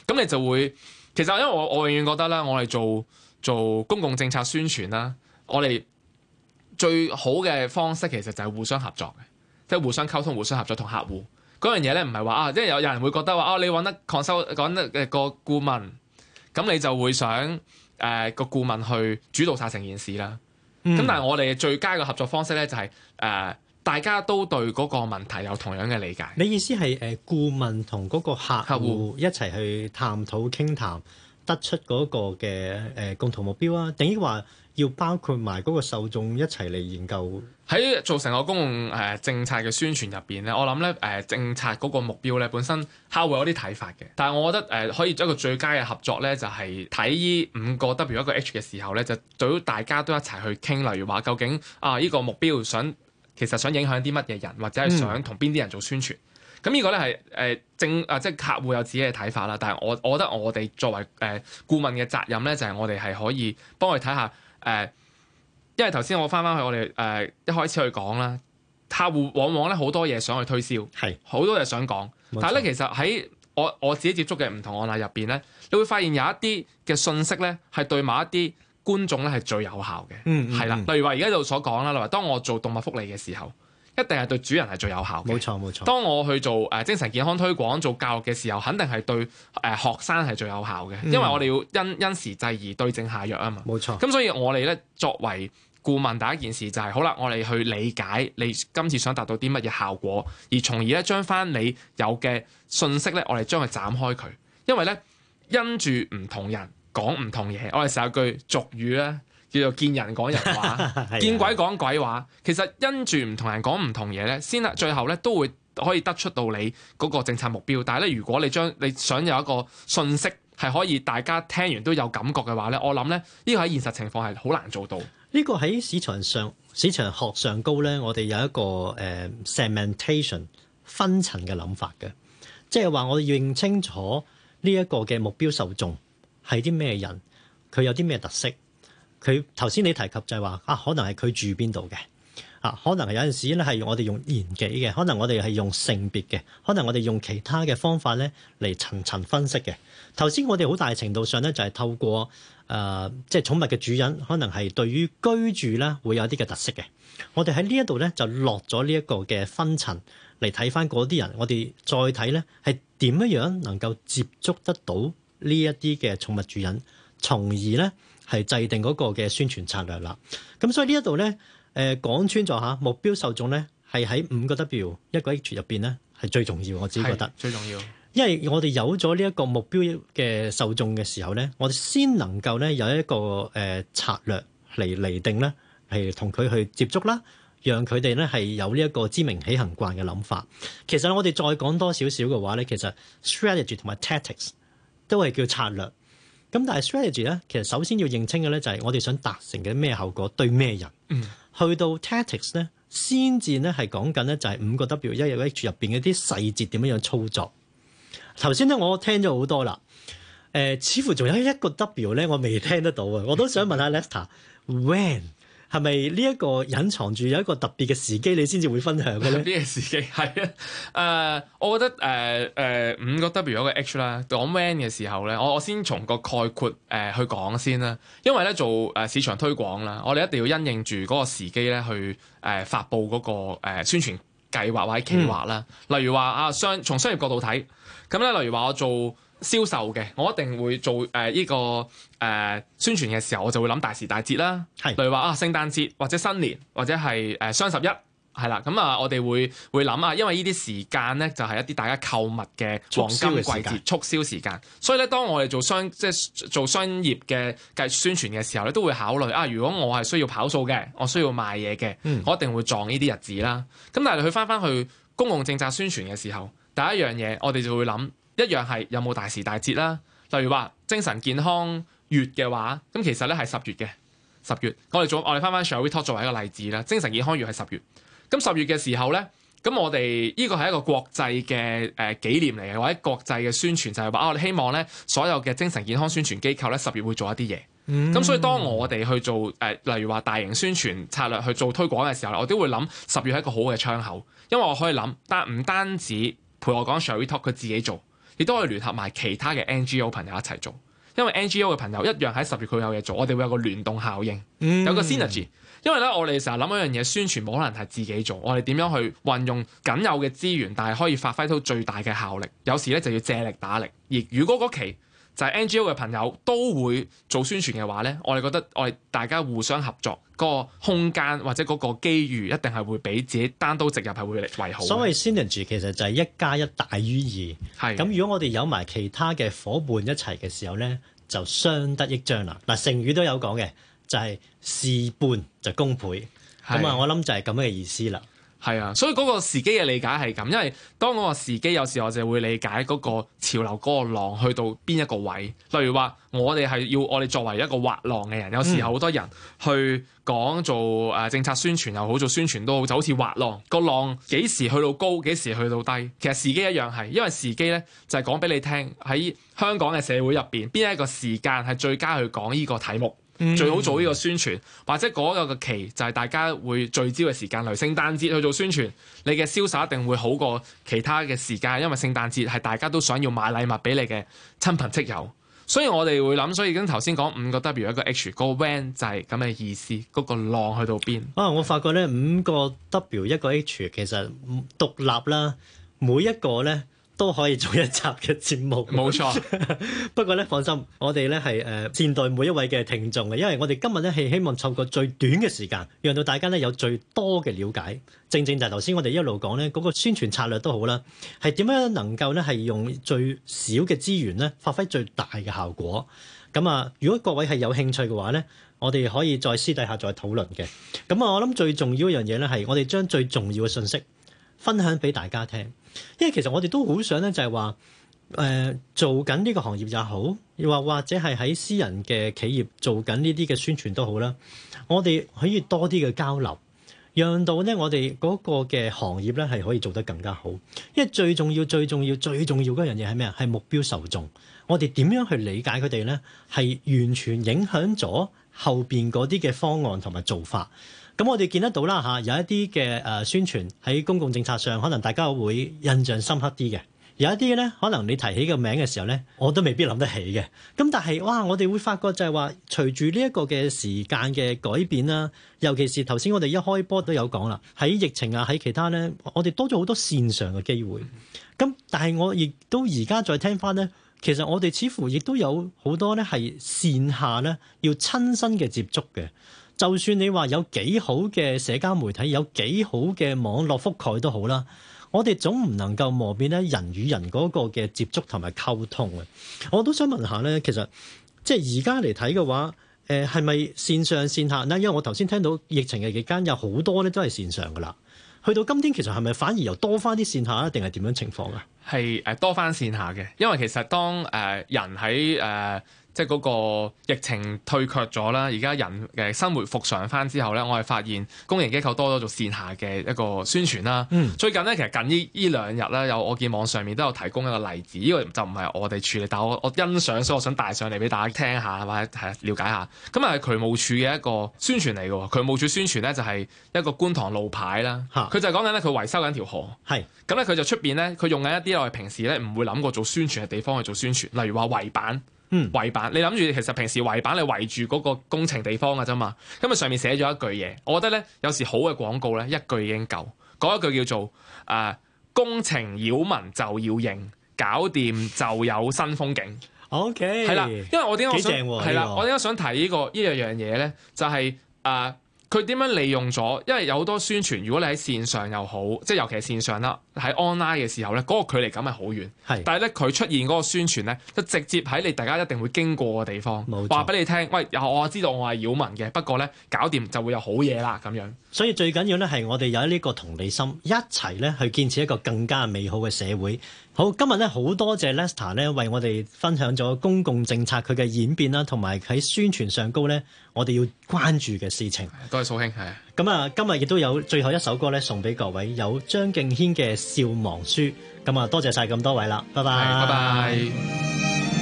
咁你就會，其實因為我我永遠覺得啦，我哋做做公共政策宣傳啦，我哋最好嘅方式其實就係互相合作嘅。即係互相溝通、互相合作同客戶嗰樣嘢咧，唔係話啊，即係有有人會覺得話啊、哦，你揾得 consult 講得嘅個顧問，咁、嗯、你就會想誒、呃、個顧問去主導晒成件事啦。咁但係我哋最佳嘅合作方式咧，就係、是、誒、呃、大家都對嗰個問題有同樣嘅理解。你意思係誒顧問同嗰個客戶一齊去探討傾談，談，得出嗰個嘅誒、呃、共同目標啊？定於話。要包括埋嗰個受眾一齊嚟研究喺做成個公共誒、呃、政策嘅宣傳入邊咧，我諗咧誒政策嗰個目標咧本身佢會有啲睇法嘅，但係我覺得誒、呃、可以做一個最佳嘅合作咧，就係睇呢五個 W 一個 H 嘅時候咧，就對於大家都一齊去傾，例如話究竟啊依、呃這個目標想其實想影響啲乜嘢人，或者係想同邊啲人做宣傳，咁呢、嗯、個咧係誒政啊即係客戶有自己嘅睇法啦，但係我我，我覺得我哋作為誒、呃、顧問嘅責任咧，就係、是、我哋係可以幫佢睇下。誒，因為頭先我返返去我哋誒、呃、一開始去講啦，客戶往往咧好多嘢想去推銷，係好是多嘢想講，錯但係咧其實喺我我自己接觸嘅唔同案例入邊咧，你會發現有一啲嘅信息咧係對某一啲觀眾咧係最有效嘅，嗯，係啦的，嗯、例如話而家就所講啦，例如話當我做動物福利嘅時候。一定係對主人係最有效嘅，冇錯冇錯。當我去做誒、呃、精神健康推廣、做教育嘅時候，肯定係對誒、呃、學生係最有效嘅，嗯、因為我哋要因因時制宜、對症下藥啊嘛。冇錯。咁所以我哋咧作為顧問，第一件事就係，好啦，我哋去理解你今次想達到啲乜嘢效果，而從而咧將翻你有嘅信息咧，我哋將佢斬開佢，因為咧因住唔同人講唔同嘢，我哋成句俗語咧。叫做見人講人話， 見鬼講鬼話。 其實因住唔同人講唔同嘢咧，先啊，最後咧都會可以得出到你嗰個政策目標。但係咧，如果你將你想有一個信息係可以大家聽完都有感覺嘅話咧，我諗咧呢個喺現實情況係好難做到。呢個喺市場上，市場學上高咧，我哋有一個誒、呃、segmentation 分層嘅諗法嘅，即係話我哋要認清楚呢一個嘅目標受眾係啲咩人，佢有啲咩特色。佢頭先你提及就係話啊，可能係佢住邊度嘅啊，可能有陣時咧係我哋用年紀嘅，可能我哋係用性別嘅，可能我哋用其他嘅方法咧嚟層層分析嘅。頭先我哋好大程度上咧就係透過誒，即係寵物嘅主人，可能係對於居住咧會有啲嘅特色嘅。我哋喺呢一度咧就落咗呢一個嘅分層嚟睇翻嗰啲人，我哋再睇咧係點樣樣能夠接觸得到呢一啲嘅寵物主人，從而咧。係制定嗰個嘅宣傳策略啦，咁所以呢、呃、講一度咧，誒講穿咗吓目標受眾咧，係喺五個 W 一個 H 入邊咧，係最重要。我自己覺得最重要，因為我哋有咗呢一個目標嘅受眾嘅時候咧，我哋先能夠咧有一個誒、呃、策略嚟釐定咧，係同佢去接觸啦，讓佢哋咧係有呢一個知名起行慣嘅諗法。其實我哋再講多少少嘅話咧，其實 strategy 同埋 tactics 都係叫策略。咁但係 strategy 咧，其實首先要認清嘅咧就係我哋想達成嘅咩效果，對咩人。嗯，去到 tactics 咧，先至咧係講緊咧就係五個 W，一入 H 入邊嘅啲細節點樣樣操作。頭先咧我聽咗好多啦，誒、呃，似乎仲有一個 W 咧，我未聽得到啊，我都想問下 Lester, when? 係咪呢一個隱藏住有一個特別嘅時機，你先至會分享嘅咧？呢個時機係啊，誒、 呃，我覺得誒誒五個 W 同個 H 啦，講 when 嘅時候咧，我我先從個概括誒、呃、去講先啦。因為咧做誒、呃、市場推廣啦，我哋一定要因應住嗰個時機咧去誒、呃、發布嗰、那個誒、呃、宣傳計劃或者企劃啦。嗯、例如話啊，商從商業角度睇，咁咧，例如話我做。銷售嘅，我一定會做誒依、呃呢個誒、呃、宣傳嘅時候，我就會諗大時大節啦，係例如話啊聖誕節或者新年或者係誒、呃、雙十一係啦，咁啊我哋會會諗啊，因為呢啲時間咧就係、係、一啲大家購物嘅黃金季節、促銷時，時間，所以咧當我哋做商即係做商業嘅計宣傳嘅時候咧，都會考慮啊，如果我係需要跑數嘅，我需要賣嘢嘅，嗯、我一定會撞呢啲日子啦。咁但係去翻翻去公共政策宣傳嘅時候，第一樣嘢我哋就會諗。一樣係有冇大時大節啦，例如話精神健康月嘅話，咁其實咧係十月嘅十月，我哋做我哋翻翻 Shall We Talk 作為一個例子啦。精神健康月係十月，咁十月嘅時候咧，咁我哋呢個係一個國際嘅誒紀念嚟嘅，或者國際嘅宣傳就係、是、話我哋希望咧所有嘅精神健康宣傳機構咧十月會做一啲嘢。咁、嗯、所以當我哋去做誒，例如話大型宣傳策略去做推廣嘅時候，我都會諗十月係一個好嘅窗口，因為我可以諗，但唔單止陪我講 Shall We Talk，佢自己做。亦都可以聯合埋其他嘅 NGO 朋友一齊做，因為 NGO 嘅朋友一樣喺十月佢有嘢做，我哋會有個聯動效應，嗯、有個 synergy。因為咧，我哋成日諗一樣嘢，宣傳冇可能係自己做，我哋點樣去運用僅有嘅資源，但係可以發揮到最大嘅效力。有時咧就要借力打力，而如果嗰期，就係 NGO 嘅朋友都會做宣傳嘅話咧，我哋覺得我哋大家互相合作嗰、那個空間或者嗰個機遇一定係會比自己單刀直入係會為好。所謂 synergy 其實就係一加一大於二，咁的如果我哋有埋其他嘅伙伴一齊嘅時候咧，就相得益彰啦。嗱，成語都有講嘅，就係、是、事半就功倍，咁啊的，我諗就係咁嘅意思啦。係啊，所以嗰個時機嘅理解係咁，因為當嗰個時機有時我就會理解嗰個潮流嗰個浪去到邊一個位。例如話，我哋係要我哋作為一個滑浪嘅人，有時候好多人去講做誒政策宣傳又好，做宣傳都好，就好似滑浪，個浪幾時去到高，幾時去到低，其實時機一樣係，因為時機咧就係講俾你聽喺香港嘅社會入邊邊一個時間係最佳去講呢個題目。最好做呢個宣傳，或者嗰個期就係大家會聚焦嘅時間。例如聖誕節去做宣傳，你嘅銷售一定會好過其他嘅時間，因為聖誕節係大家都想要買禮物俾你嘅親朋戚友。所以我哋會諗，所以跟頭先講五個 W 一個 H，個 When 就係咁嘅意思。嗰、嗰個浪去到邊啊？我發覺呢，五個 W 一個 H 其實獨立啦，每一個呢。都可以做一集嘅節目錯，冇錯。不過咧，放心，我哋咧係誒善待每一位嘅聽眾嘅，因為我哋今日咧係希望透過最短嘅時間，讓到大家咧有最多嘅了解。正正就係頭先我哋一路講咧，嗰個宣傳策略都好啦，係點樣能夠咧係用最少嘅資源咧，發揮最大嘅效果。咁啊，如果各位係有興趣嘅話咧，我哋可以再私底下再討論嘅。咁啊，我諗最重要一樣嘢咧係，我哋將最重要嘅信息分享俾大家聽。因為其實我哋都好想咧，就係話誒做緊呢個行業也好，又或或者係喺私人嘅企業做緊呢啲嘅宣傳都好啦。我哋可以多啲嘅交流，讓到咧我哋嗰個嘅行業咧係可以做得更加好。因為最重要、最重要、最重要嗰樣嘢係咩啊？係目標受眾。我哋點樣去理解佢哋咧？係完全影響咗後邊嗰啲嘅方案同埋做法。咁我哋見得到啦嚇、啊，有一啲嘅誒宣傳喺公共政策上，可能大家會印象深刻啲嘅。有一啲咧，可能你提起個名嘅時候咧，我都未必諗得起嘅。咁但係哇，我哋會發覺就係話，隨住呢一個嘅時間嘅改變啦，尤其是頭先我哋一開波都有講啦，喺疫情啊，喺其他咧，我哋多咗好多線上嘅機會。咁但係我亦都而家再聽返咧，其實我哋似乎亦都有好多咧係線下咧要親身嘅接觸嘅。就算你話有幾好嘅社交媒體，有幾好嘅網絡覆蓋都好啦，我哋總唔能夠磨滅咧人與人嗰個嘅接觸同埋溝通嘅。我都想問下咧，其實即係而家嚟睇嘅話，誒係咪線上線下咧？因為我頭先聽到疫情嘅期間有好多咧都係線上㗎喇，去到今天其實係咪反而又多返啲線下啊？定係點樣情況啊？係誒、呃、多翻線下嘅。因為其實當誒、呃、人喺誒、呃、即係嗰個疫情退卻咗啦，而家人誒生活復常翻之後咧，我係發現公營機構多咗做線下嘅一個宣傳啦。嗯、最近呢，其實近呢依兩日咧，有我見網上面都有提供一個例子，依、這個就唔係我哋處理，但我我欣賞，所以我想帶上嚟俾大家聽下或者係了解下。咁啊係渠務署嘅一個宣傳嚟嘅，渠務署宣傳咧就係一個觀塘路牌啦。佢哈就係講緊咧佢維修緊條河。係咁咧，佢就出邊咧，佢用緊一啲。因為平時咧唔會諗過做宣傳嘅地方去做宣傳，例如話圍板，圍板、嗯、圍板你諗住其實平時圍板你圍住嗰個工程地方噶啫嘛，咁啊上面寫咗一句嘢，我覺得咧有時好嘅廣告咧一句已經夠，嗰一句叫做誒、呃、工程擾民就要認，搞掂就有新風景。O K 係啦，因為我點解想係啦，我點解想提、這個這個、呢個呢樣樣嘢咧，就係、是、誒。呃佢點樣利用咗？因為有好多宣傳，如果你喺線上又好，即係尤其係線上啦，喺 online 嘅時候咧，嗰個距離感係好遠。是但係咧，佢出現嗰個宣傳咧，就直接喺你大家一定會經過嘅地方，話俾錯你聽。喂，又我知道我係擾民嘅，不過咧，搞掂就會有好嘢啦咁樣。所以最緊要咧係我哋有呢個同理心，一齊咧去建設一個更加美好嘅社會。好，今日咧好多謝 Lester 咧為我哋分享咗公共政策佢嘅演變啦，同埋喺宣傳上高咧我哋要關注嘅事情。多謝蘇兄，係啊。咁啊，今日亦都有最後一首歌咧送俾各位，有張敬軒嘅《笑忘書》。咁啊，多謝晒咁多位啦，拜拜，拜拜。